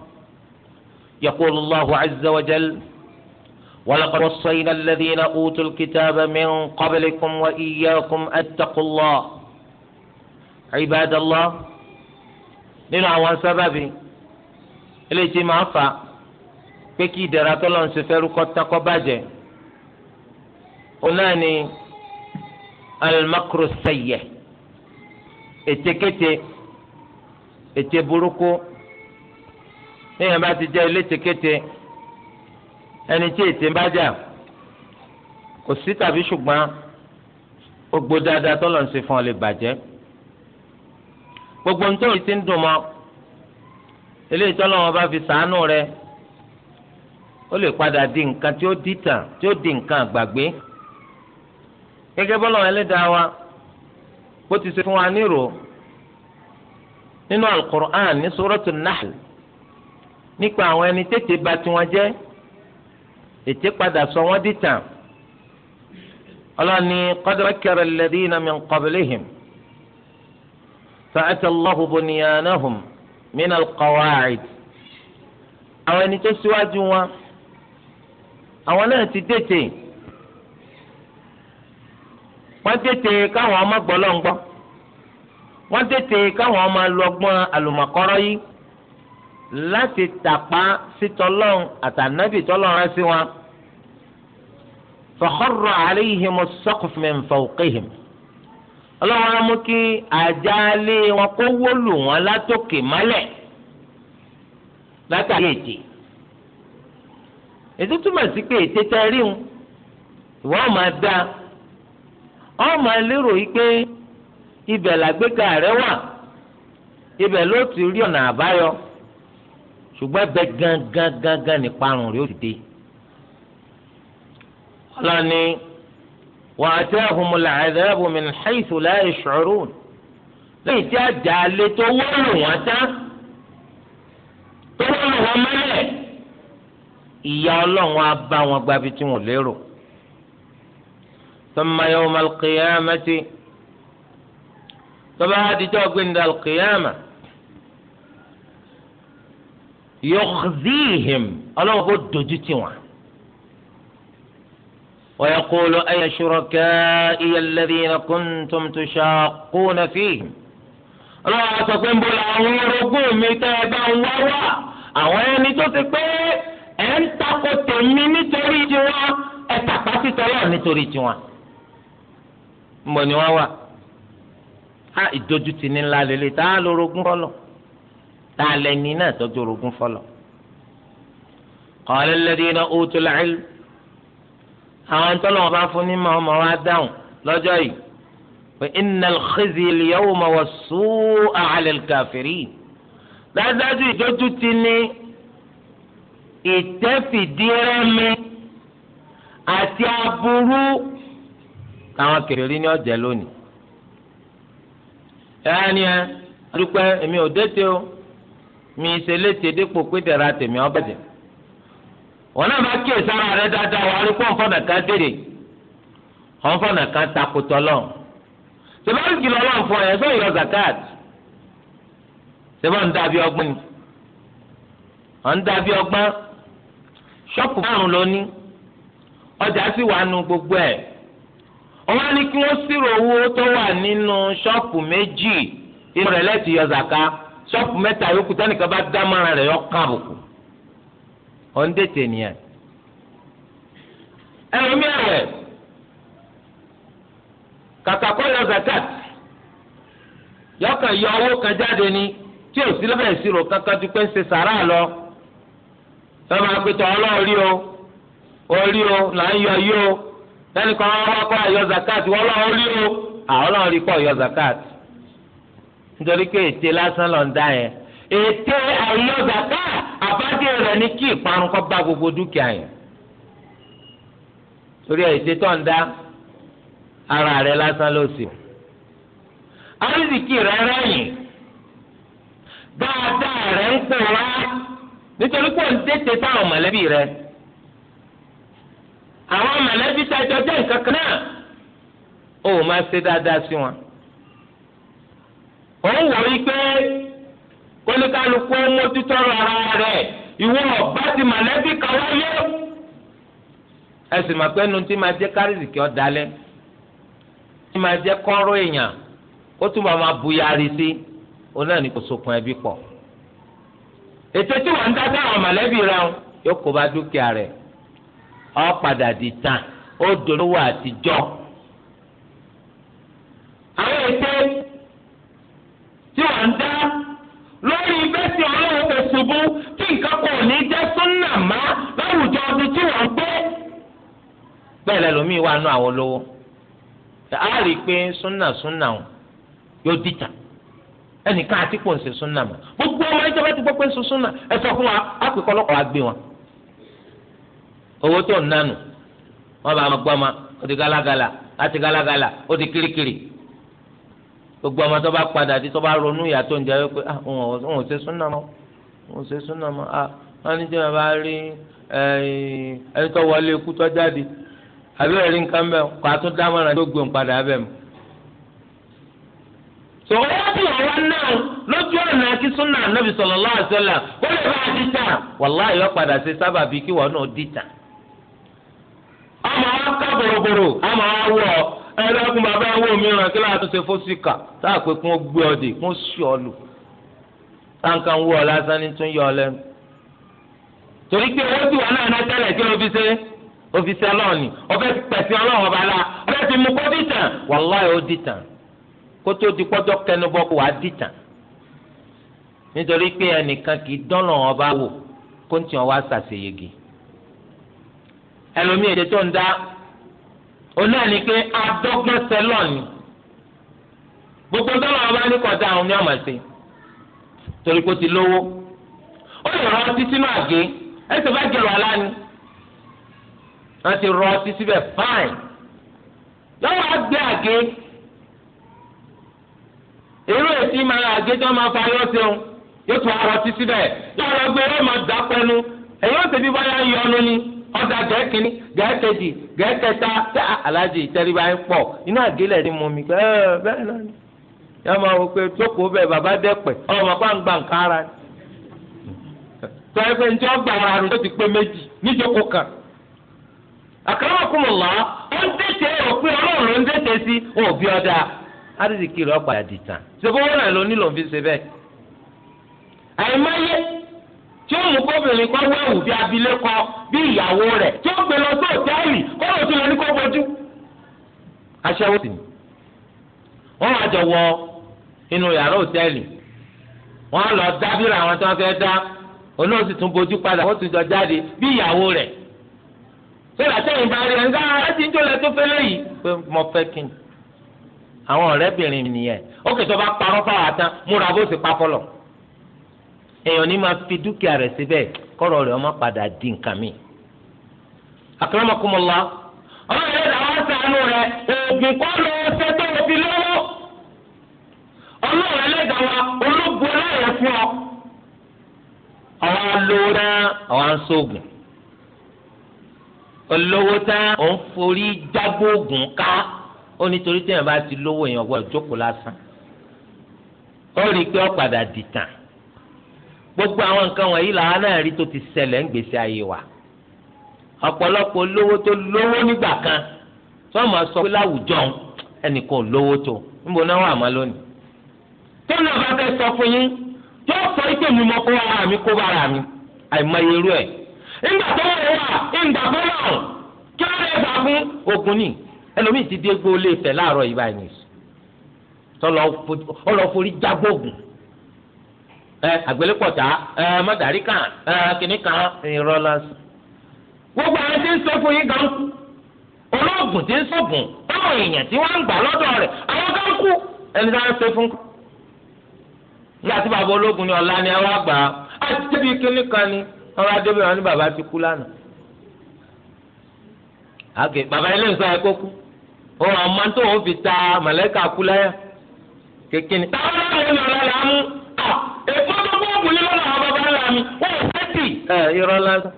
يقول الله عز وجل ولقد وصينا الذين أوتوا الكتاب من قبلكم وإياكم أتقوا الله عباد الله nínú àwọn sábàbí eléyìí tí máa fà pé kí ìdẹ̀ra tó lọ́n ṣe fẹ́rú kọ́tàkọ́ bàjẹ́ òun náà ni alimakuro sẹ̀yẹ ètekéte ète burúkú ní ìyàmbá ti jẹ́ elétekéte ẹni tí ètè ń bá jà kò sí tàbí ṣùgbọ́n gbogbo dáadáa tó lọ́n ṣe fún ọ lè bàjẹ́ gbogbo nítorí tí ń dùn mọ́ eléyìí tó lọ́wọ́ bá fi sàánú rẹ ó lè padà di nǹkan tí ó di tàn tí ó di nǹkan àgbàgbé gẹ́gẹ́ bọ́lá ẹlẹ́dàá wa bó ti ṣe fún wa nírò nínú alukur'an ní suratul nahl nípa àwọn ẹni tètè bà tiwọn jẹ́ ètè padà sọ wọ́n dìtàn ọlọ́ni kọ́dọ̀ kẹrẹ lẹ́dínà mi kọ́bìlìhìm fàtà allahu bunyanahum min alqawaid àwọn ẹni tó síwájú wọn àwọn náà ti dètè wọ́n dètè káwọn ọmọ gbọ́lọ́ ń dètè káwọn ọmọ lu ọgbọ́n yìí. láti tàpá sí tọlọ́n àtànábì tọlọ́n sí wọn fọkọrọ àríyìn mo sọkùn mi nfa òkè yìí á mú kí àjálé wọn kó wólù wọn látòkè mọ́lẹ̀ látàrí ètè ètò túmọ̀ sí pé ètè rí wọn dá ọ máa lérò yìí pé ṣùgbọ́n ẹ̀bẹ̀ gangan gangan ní parun rẹ̀ ó ti dé. ọlọ́ni wa'atahumul 'adhabu min haythu la yash'urun lẹ́yìn tí àjà alẹ́ tó wọ́ọ̀lù wọn tán tó wọ́ọ̀lù wọn mọ́lẹ̀ ìyá ọlọ́run á bá wọn gbabi tí wọn lérò. thumma yawmal qiyamati tọ́ba àdìjọ́ gbẹ̀ndàl qiyamah yọ̀ọ́zìhìm ọlọ́wọ́ kó dojú tì wọ́n. ويقول أي شركائي الذين كنتم تشاقون فيهم ọlọ́wọ́ àtọ̀pẹ́ ń bọ̀ làwọn orogún mi tẹ́ ẹ bá ń wá wá àwọn ẹni tó ti pé ẹ̀ ń takò tèmi nítorí tiwọn ẹ̀ tàpá sí tọ́lọ̀ nítorí tiwọn. ń bọ̀ ni wọ́n wà á ìdójútì ní ńlá lélẹ̀ tá a lórogún kọ́ lọ tá a lẹni náà tọ́jú orogún fọlọ́. qala alladhina utul ilm àwọn tọ́lọ̀ wọn bá fún ní màá ma wá dáhùn lọ́jọ́ yìí pé innal khizyi al-yawma was-su'a 'ala al-kafirin dájúdájú ìjọ́jú ti ní ìtẹ́fìdírẹ́mi àti aburú káwọn kèrèrí ní ọ̀jẹ̀ lónìí. ẹ̀ ẹ́ ni ẹ adúpẹ́ èmi ò dé tè o mi ṣe létí dípò pé dẹ̀ra tèmi ọbẹ̀ dẹ̀ wọn náà bá kíyè sára rẹ dáadáa wà á rí pọ́n fọ́nà kan dèrè wọn fọ́nà kan takùtọ̀ lọ́n sèbáàrì kìlọ̀ lọ́n fún ẹ̀ sọ́yìn yọ zakat ń dàbí ni ń dàbí márùn lónìí ọjà sì wà nù gbogbo ẹ̀ wọ́n ní kí wọ́n sírò owó tó wà nínú ṣọ́ọ̀pù méjì inú rẹ̀ lẹ́tì yọ zaka ṣọ́ọ̀pù mẹ́ta yòókù tẹ́nìkan bá dá mọ́ra rẹ̀ yọ káàbùkù ọ̀ ń dètè nìyẹn. ẹlòmí ẹ̀wẹ̀ kàkà kọ́ yọ zakat yọkàn yọ owó kan jáde ni tí ò sí lọ́bẹ̀ ìṣirò kankan ju pé ń ṣe sàrà lọ lọ́mọ àgbẹ̀tọ̀ ọlọ́ọ̀rí o orí o là ń yọ yí o lẹ́nìkan wọ́n wá kọ́ àyọ zakat wọ́n lọ́ọ̀rí o àwọn náà rí kọ́ àyọ zakat nítorí pé ète lásán lọ ń dá yẹn ète àìyọ zaka àbádé rẹ̀ ní kí ìparun kó bá gbogbo dúkìá yẹn torí ète tó ń dá ara rẹ̀ lásán ló sì àrísìkì rẹ̀ rẹ̀yìn dáadáa rẹ̀ ń pòórá nítorí pé òun tètè táwọn mọ̀lẹ́bí rẹ̀ àwọn mọ̀lẹ́bí tẹ́jọ́ jẹ́ nǹkan kan náà ó máa ṣe dáadáa sí wọn. òun ike yí pé kólíkálukú mójútó ara ìwọ ti ẹsìn nu máa kárìsìkì máa èèyàn ó tún máa buyari sí náà ní kò sokun ẹbí ètò tí ń dá sáwọn yóò kó bá dúkìá bẹ́ẹ̀ lẹ́lòmíì wà nù àwọn olówó a rí i pé súnà súnà o yóò dìjà ẹnìkan àti kò ń ṣe súnà mọ gbogbo ọmọ ìjọba ti gbọ́ pé ń ṣe súnà ẹ sọ fún wa á pè kọ́ ọlọ́pàá gbé wọn. owó tó ń nánu wọn bá gbọ́ ma ó di gálágalà láti gálágalà ó di kirikiri gbogbo ọmọ tó bá padà àti tó bá ronú ìyá tó ń jẹ pé òun ah, ò ṣe súnà mọ òun ò ṣe súnà mọ ah wọn ní jẹ́ wọn bá rí ẹni tó wọlé ikú jáde. àbí ẹ̀rí nǹkan bẹ́ẹ̀ kó a tún dámọ̀ràn tó gbé nǹkan dàbẹ̀ mu. sọ̀rọ̀ yóò di ọ̀rọ̀ náà lójú ọ̀nà kí súnà ànábì sallallahu alaihi kó lè bá a dìtà wàláhì yóò padà ṣe sábàbí kí wọn náà dìtà. ọmọ wa ká bòròbòrò ọmọ wa wọ ẹlẹ́kùn bàbá ẹ̀ wò mìíràn kí láti ṣe fósìkà táà kún gbé kún sí ọ torí pé owó tí wọn náà ná òfìsí ọlọ́ọ̀ni ọbẹ̀ pẹ̀sì ọlọ́ọ̀ ọba la ọbẹ̀ ti mú kó dìtàn wàláì ó dìtàn kó tó di pọ́jọ́ kẹnubọ́ kó wà á dìtàn nítorí pé ẹnìkan kì í dánlọ̀ ọba wò kó ń tiẹ̀ wá sàṣeyege ẹlòmíì èdè tó ń dá oní ẹni pé adọ́gbọ́n sẹlọ́ọ̀ni gbogbo dánlọ̀ ọba ní kọjá àwọn ní ọmọ ẹ̀sìn torí kó ti lówó ó lè rán títí náà gé ẹsẹ̀ bá jẹ̀rọ̀ aláni. wọ́n ti rọ ọtí síbẹ̀ fáìn lọ́wọ́ agbé àgé èrò ètí máa àgé tí wọ́n máa fa ayọ́ sẹ́wọ̀n yóò tún ọrọ̀ ọtí síbẹ̀ lọ́wọ́ gbé yóò máa èyí ó báyà yọnu ni ọ̀dà gẹ̀ẹ́kìnní gẹ̀ẹ́kẹ̀jì gẹ̀ẹ́kẹta tá ah, alájì ìtẹ́ríba ń pọ̀ iná àgélẹ̀ ni mo mi kẹ́ ẹ náà ni yóò máa wọ pé tókòó bẹ́ẹ̀ bàbá dẹ́pẹ̀ ọmọ pàǹgbà nǹkan ara ni tọ́ ẹ ara ti àkàràmọ̀kùnmọ̀lá ó ń tètè rò pé ń sí òbí ọ̀dà àdìsíkì rẹ̀ ọ̀pàdà dìtàn ṣùgbọ́n náà ló nílò fi ṣe bẹ́ẹ̀. àìmọye tí ó mú kóbìnrin kọ́ wẹ́wù bí abilékọ bí ìyàwó rẹ̀ tí ó gbé lọ sí òtẹ́ẹ̀lì kó jọ wọ inú yàrá òtẹ́ẹ̀lì wọ́n lọ dábìrì àwọn tí wọ́n fẹ́ dá olóòtú tún padà wọ́n tún jọ jáde bí ìyàwó sọlá sẹ́yìn bá rí ẹ nígbà láti ń jọlẹ tó fẹlẹ yìí pé mo fẹ́ kí ni àwọn ọ̀rẹ́bìnrin nìyẹn ó kẹtọ bá parọ́ fáwọn àtàn múra bó ti pa fọlọ èèyàn ní máa fi dúkìá rẹ̀ síbẹ̀ kọ́rọ̀ rẹ̀ ọmọ padà di nǹkan mi. àkàràmọ̀kùmọ̀lá ọlọ́run yóò dáwọ́ sànú rẹ̀ oògùn kọ́ ló ṣe tó o fi lówó. ọlọ́run ẹlẹ́dàá wa ológun ọlọ́run fún ọ. àwọn alóra àwọn asóògùn olówó tán òun forí jágbóògùn ká ó nítorí téèyàn bá ti lówó èèyàn gbọ́dọ̀ jókòó lásán ó rí i pé ó padà dìtàn gbogbo àwọn nǹkan wọ̀nyí làwọn náà rí tó ti ṣẹlẹ̀ ń gbèsè ayé wa ọ̀pọ̀lọpọ̀ lówó tó lówó nígbà kan tí wọ́n máa sọ pé láwùjọ ẹnìkan ò lówó tó níbo náà wà má lónìí tó náà bá fẹ́ sọ fún yín yóò sọ pé mi mọ kó ara mi kó bára mi àìmọye irú ẹ̀ nígbà tó wọ̀ wá ìgbàgbọ́ náà kí wọ́n ti dé gbó lè fẹ̀ láàárọ̀ yìí báyìí nìyí tọ́lọ̀ ọlọ́forí jágbóògùn ẹ àgbélépọ̀tà gbogbo àwọn tí ń sọ fún yín gan olóògùn tí ń sọ̀gùn báwọn èèyàn tí wọ́n ń gbà lọ́dọ̀ rẹ̀ àwọn kan kú ẹni fún bàbá ọ̀la ni ẹ wá gbà á wọn bá débi wọn ní bàbá ti kú lánàá àgè bàbá ilé ìsọ ẹ kó kú tó fi ta kú láyà táwọn ọmọ mi lọ lọ́la mú èkó tó kó ògùn ní lọ́la àwọn bàbá ńlá ẹ irọ́ lásán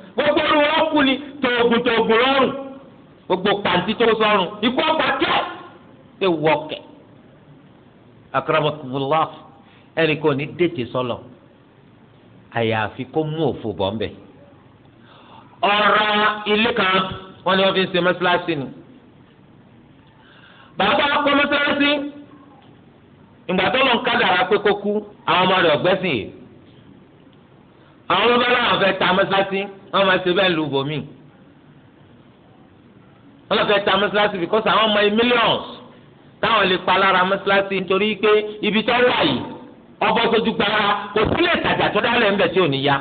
ní sọlọ. So àyàfi kó mú òfò bọ̀ ń bẹ̀. ọ̀rọ̀ ilé kan wọ́n ní wọ́n fi ń ṣe mọ́ṣáláṣí ni. bàbá kọ́ mọ́ṣáláṣí ìgbà tó lọ́n kádàrá pé kó kú àwọn ọmọ rẹ̀ ọ̀gbẹ́sìn yìí. àwọn ọmọ bá wọn fẹ́ ta mọ́ṣáláṣí wọ́n máa ṣe bẹ́ẹ̀ lu bòmí. wọ́n lọ fẹ́ ta mọ́ṣáláṣí bìkọ́sì àwọn ọmọ yìí mílíọ̀nù táwọn lè pa lára mọ́ṣáláṣí nítorí pé ibi tó wà yìí ọbọ sojú gbàrà kò sílẹ̀ tàjà tó dálẹ̀ ńbẹ̀ tí ò ní ya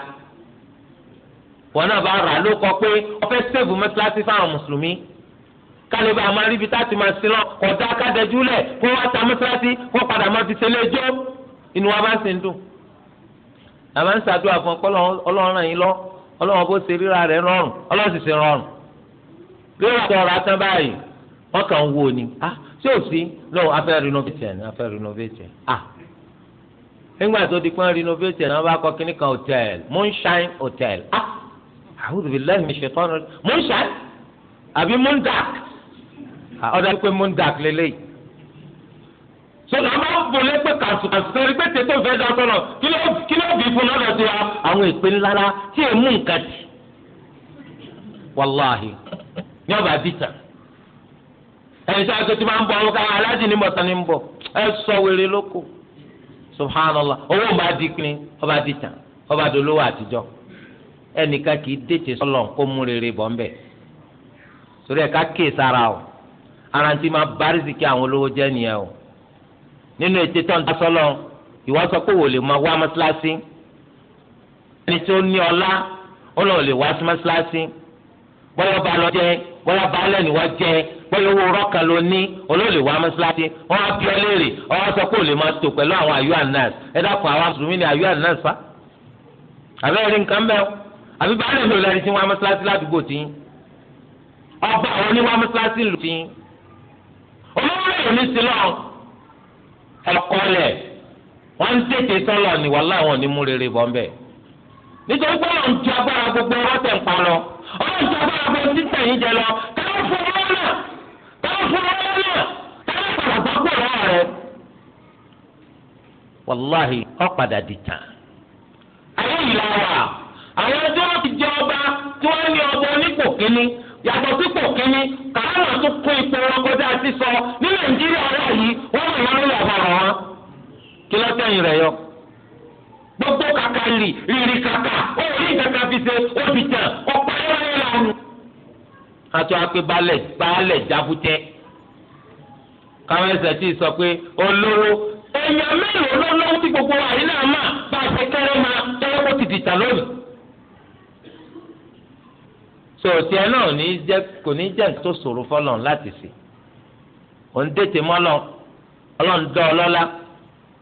wọn náà bá rà ló kọ pé ọfẹ sèbù mẹsàlásì fáwọn mùsùlùmí kálíbà máa rí ibi tá a ti máa sílọ kọjá kádẹjú lẹ kó wá ta mẹsàlásì kó padà máa fi tẹlẹ jó inú wa bá ń sìn dùn àmà ń sàdúrà fún ọpọlọ ọlọ́run yìí lọ ọlọ́run bó ṣe ríra rẹ̀ rọrùn ọlọ́run sì ṣe rọrùn rírà tó ọ̀rọ̀ atán báyìí wọn kàn ń wo ni ah ṣé ò sí lọ afẹ́ renovate ẹ̀ afẹ́ renovate ah nígbà tó di pọ́n renovation náà bá kọ́ kínní kan hotel moonshine hotel ah a'udhu billahi minash shaitanir moonshine àbí moondark ọ̀dà ah, pé moondark lélẹ́yìí sọlá máa ń bolé pé kàṣùkàṣù kan rí pé tètè fẹ́ da sọ̀rọ̀ kí ló kí ló bí fún lọ́dọ̀ sí wa àwọn ìpè ńlára tí èmú nǹkan tì wàláhì ní ọba bìtà ẹ̀yin sọ àti tí máa ń bọ̀ ọ̀ká aláàjì ní mọ̀tàn ní ń bọ̀ ẹ̀ sọ wèrè lóko subhanallah owó bá di pin ọba di tàn ọba dolówó àtijọ́ ẹnìkan kì í dètè sọlọ kó mú rere bọ̀ ń bẹ̀ sórí ẹ̀ ká kéè sára o ara ti máa bárísì kí àwọn olówó jẹ́ nìyẹn o nínú ètè tó ń ta sọlọ ìwọ sọ pé wò lè máa wá mọ́sálásí ẹni tó ní ọlá ó lọ lè wá mọ́sálásí bọ́lá balọ̀ jẹ́ bọ́lá balẹ̀ ni wọ́n jẹ́ bóyá owó rọ́ọ̀kà ló ní olóòlè wa mọ́sálásí wọ́n á bí ọ léèrè ọwọ́ sọ pé ò lè máa tò pẹ̀lú àwọn àyù ànáàsì ẹ dákun àwọn mùsùlùmí ni àyù ànáàsì fa àbẹ́rẹ́ nǹkan bẹ́ẹ̀ àbí báyìí ló lẹ́ni tí wọ́n á mọ́sálásí ládùúgbò tí ọba àwọn oníwà mọ́sálásí lù tí olóòlè òní sílọ̀ ẹ̀kọ́lẹ̀ wọ́n ń tètè sọ́lọ̀ ni wàhálà wọn ní mú rere bọ́ ńbẹ̀ nítorí pé wọn ń ju agbára ń pa lọ ọwọ́ ń ju agbára jẹ lọ káwọn fún wàláhì ọ̀padà dìtàn. ayé ìlà wa àwọn tí wọ́n ti jẹ ọba tí wọ́n ní ọba onípò kínní yàtọ̀ sípò kínní kàánà tó kún ipò wọn kọjá sísọ ní nàìjíríà wà yìí wọ́n mọ̀ wọn lọ́wọ́ ọ̀rọ̀ wọn. kí ló rẹ̀ yọ. gbogbo kàkà lì kàkà ó rí kàkà fi ṣe ọ̀pá ẹ̀rọ èèyàn mélòó ló tí gbogbo wa yìí náà máa bá a ṣe kéré máa kó ti dìtà lónìí. náà kò ní jẹ́ tó fọlọ́n láti ọ lọ́lá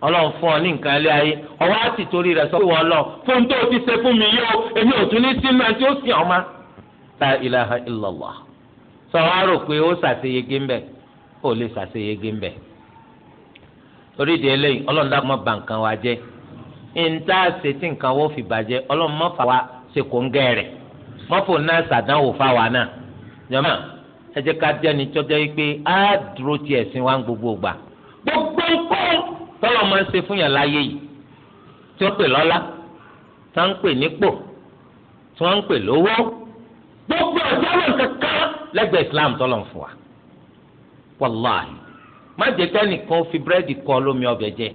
ọlọ́run fún ọ ní nǹkan ilé ayé ọwọ́ torí rẹ̀ sọ pé wọ́n lọ fún tó o ti ṣe fún mi yóò èmi ò tún ní sínú ẹ tí ó sìn ọ́ ma. la ilaha illallah sọ rò pé ó ṣàṣeyege ń ó orí ìdí eléyìí ọlọ́run dàgbọ́n bà nǹkan wa jẹ́ ìta ṣètì nǹkan wọ́n fi bàjẹ́ ọlọ́run má fà wá ṣe kò ń gẹ́ rẹ̀ mọ́fò náà ṣàdánwò fà wá náà jọ̀mọ́ ẹ jẹ́ ká jẹ́ni tọ́jọ́ yìí pé á dúró ti ẹ̀sìn wa ń gbogbo gbà gbogbo nǹkan tọ́lọ̀ máa ń ṣe fún yàn láyé yìí tí wọ́n pè lọ́lá tí wọ́n pè nípò tí wọ́n pè lówó gbogbo ọ̀jọ́ Islam má jẹ́ kẹ́nìkan fi búrẹ́dì kọ lómi ọbẹ̀ jẹ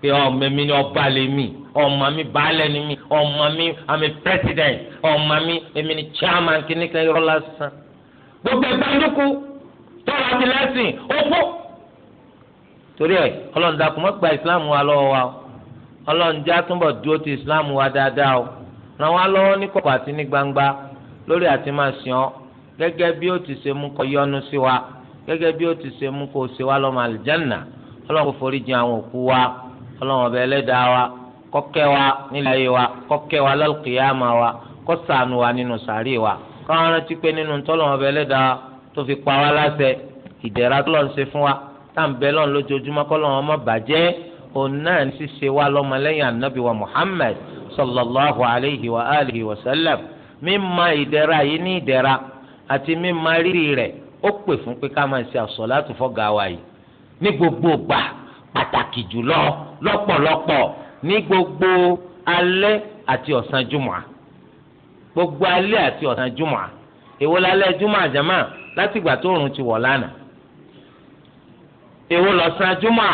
pé ọmọ mi ni ọba lè mi ọmọ mi baálẹ̀ ni mi ọmọ mi àmì president ọmọ mi èmi ni chairman kìnnìkan irọ́ lásán gbogbo ẹgbẹ́ ndúkú tọ́lá ti lẹ́sìn òpó. torí ẹ ọlọ́run dàkú mọ́ gba ìsìláàmù wa lọ́wọ́ wa ọlọ́run já túnbọ̀ dúró ti ìsìláàmù wa dáadáa o ràn wá lọ́wọ́ ní kọ̀kọ̀ àti ní gbangba lórí àti máa sìn gẹ́gẹ́ bí ó ti ṣe mú kó o ṣe wá lọ́mọ àlìjánà ọlọ́run kò forí jìn àwọn òkú wa ọlọ́run ọbẹ̀ ẹlẹ́dàá wa kọ́kẹ́ wa nílẹ̀ ayé wa kọ́kẹ́ wa lálùkìyàmà wa kó ṣàánú wa nínú sàárè wa káwọn rántí pé nínú tọ́lọ́run ọbẹ̀ ẹlẹ́dàá tó fi pa wá láṣẹ ìdẹ̀ra tó lọ́n ṣe fún wa tá à ń bẹ lọ́n lójoojúmọ́ kọ́ lọ́n ọmọ bàjẹ́ òun náà ní ṣíṣe wa lọ́mọlẹ́yìn ànábì wa Muhammad sallallahu alayhi wa alihi wa sallam mímọ̀ ìdẹ̀ra yìí ní ìdẹ̀ra àti mímọ̀ rírì rẹ̀ ó pè fún pé ká máa ṣe àsọ̀látù fọ́gá wa yìí ní gbogbo gbà pàtàkì jùlọ lọ́pọ̀lọpọ̀ ní gbogbo alẹ́ àti ọ̀sán jùmọ̀ gbogbo alẹ́ àti ọ̀sán jùmọ̀ èwo lálẹ́ jùmọ̀ àjàmà látìgbà tó òòrùn ti wọ̀ lánàá èwo lọ́sàn jùmọ̀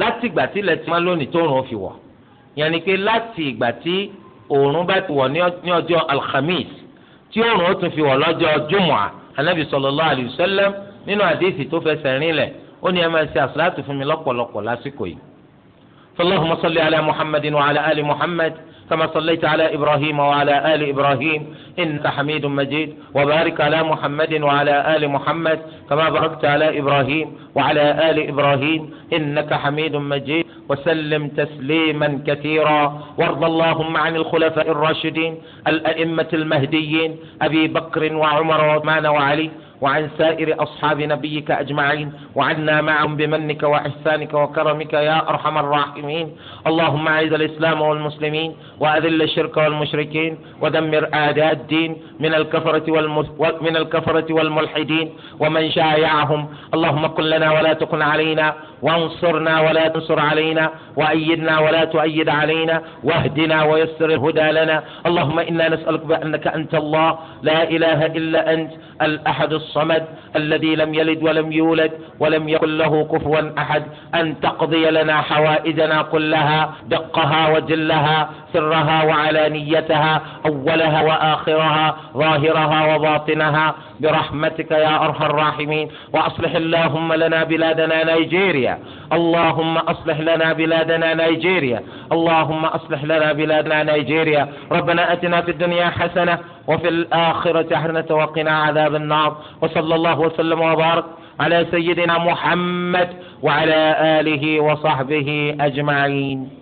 látìgbà tí ilẹ̀ ti mọ́ lónìí tó òòrùn fi wọ̀ yẹn ni pé láti ìgbà tí òòrùn bá ti wọ̀ ní ọjọ́ alhamis tí òòrùn ó tún fi wọ̀ lọ́jọ́ jùmọ̀ anabi sallallahu alayhi wa sallam nínú àdéhìí tó fẹsẹ̀ rìn lẹ̀ ó ní ẹ máa ṣe àṣàlátù fún mi lọ́pọ̀lọpọ̀ lásìkò yìí. Allahumma salli ala Muhammadin wa ala ali Muhammad كما صليت على إبراهيم وعلى آل إبراهيم إنك حميد مجيد وبارك على محمد وعلى آل محمد كما باركت على إبراهيم وعلى آل إبراهيم إنك حميد مجيد وسلم تسليما كثيرا وارض اللهم عن الخلفاء الراشدين الأئمة المهديين أبي بكر وعمر وعثمان وعلي وعن سائر أصحاب نبيك أجمعين وعنا معهم بمنك وإحسانك وكرمك يا أرحم الراحمين اللهم أعز الإسلام والمسلمين وأذل الشرك والمشركين ودمر أعداء الدين من الكفرة من الكفرة والملحدين ومن شايعهم اللهم كن لنا ولا تكن علينا وانصرنا ولا تنصر علينا وأيدنا ولا تؤيد علينا واهدنا ويسر الهدى لنا اللهم إنا نسألك بأنك أنت الله لا إله إلا أنت الأحد الصمد الصمد الذي لم يلد ولم يولد ولم يكن له كفوا أحد أن تقضي لنا حوائجنا كلها دقها وجلها سرها وعلانيتها أولها وآخرها ظاهرها وباطنها برحمتك يا أرحم الراحمين وأصلح اللهم لنا بلادنا نيجيريا اللهم أصلح لنا بلادنا نيجيريا اللهم أصلح لنا بلادنا نيجيريا ربنا أتنا في الدنيا حسنة وفي الآخرة حسنة وقنا عذاب النار وصلى الله وسلم وبارك على سيدنا محمد وعلى آله وصحبه أجمعين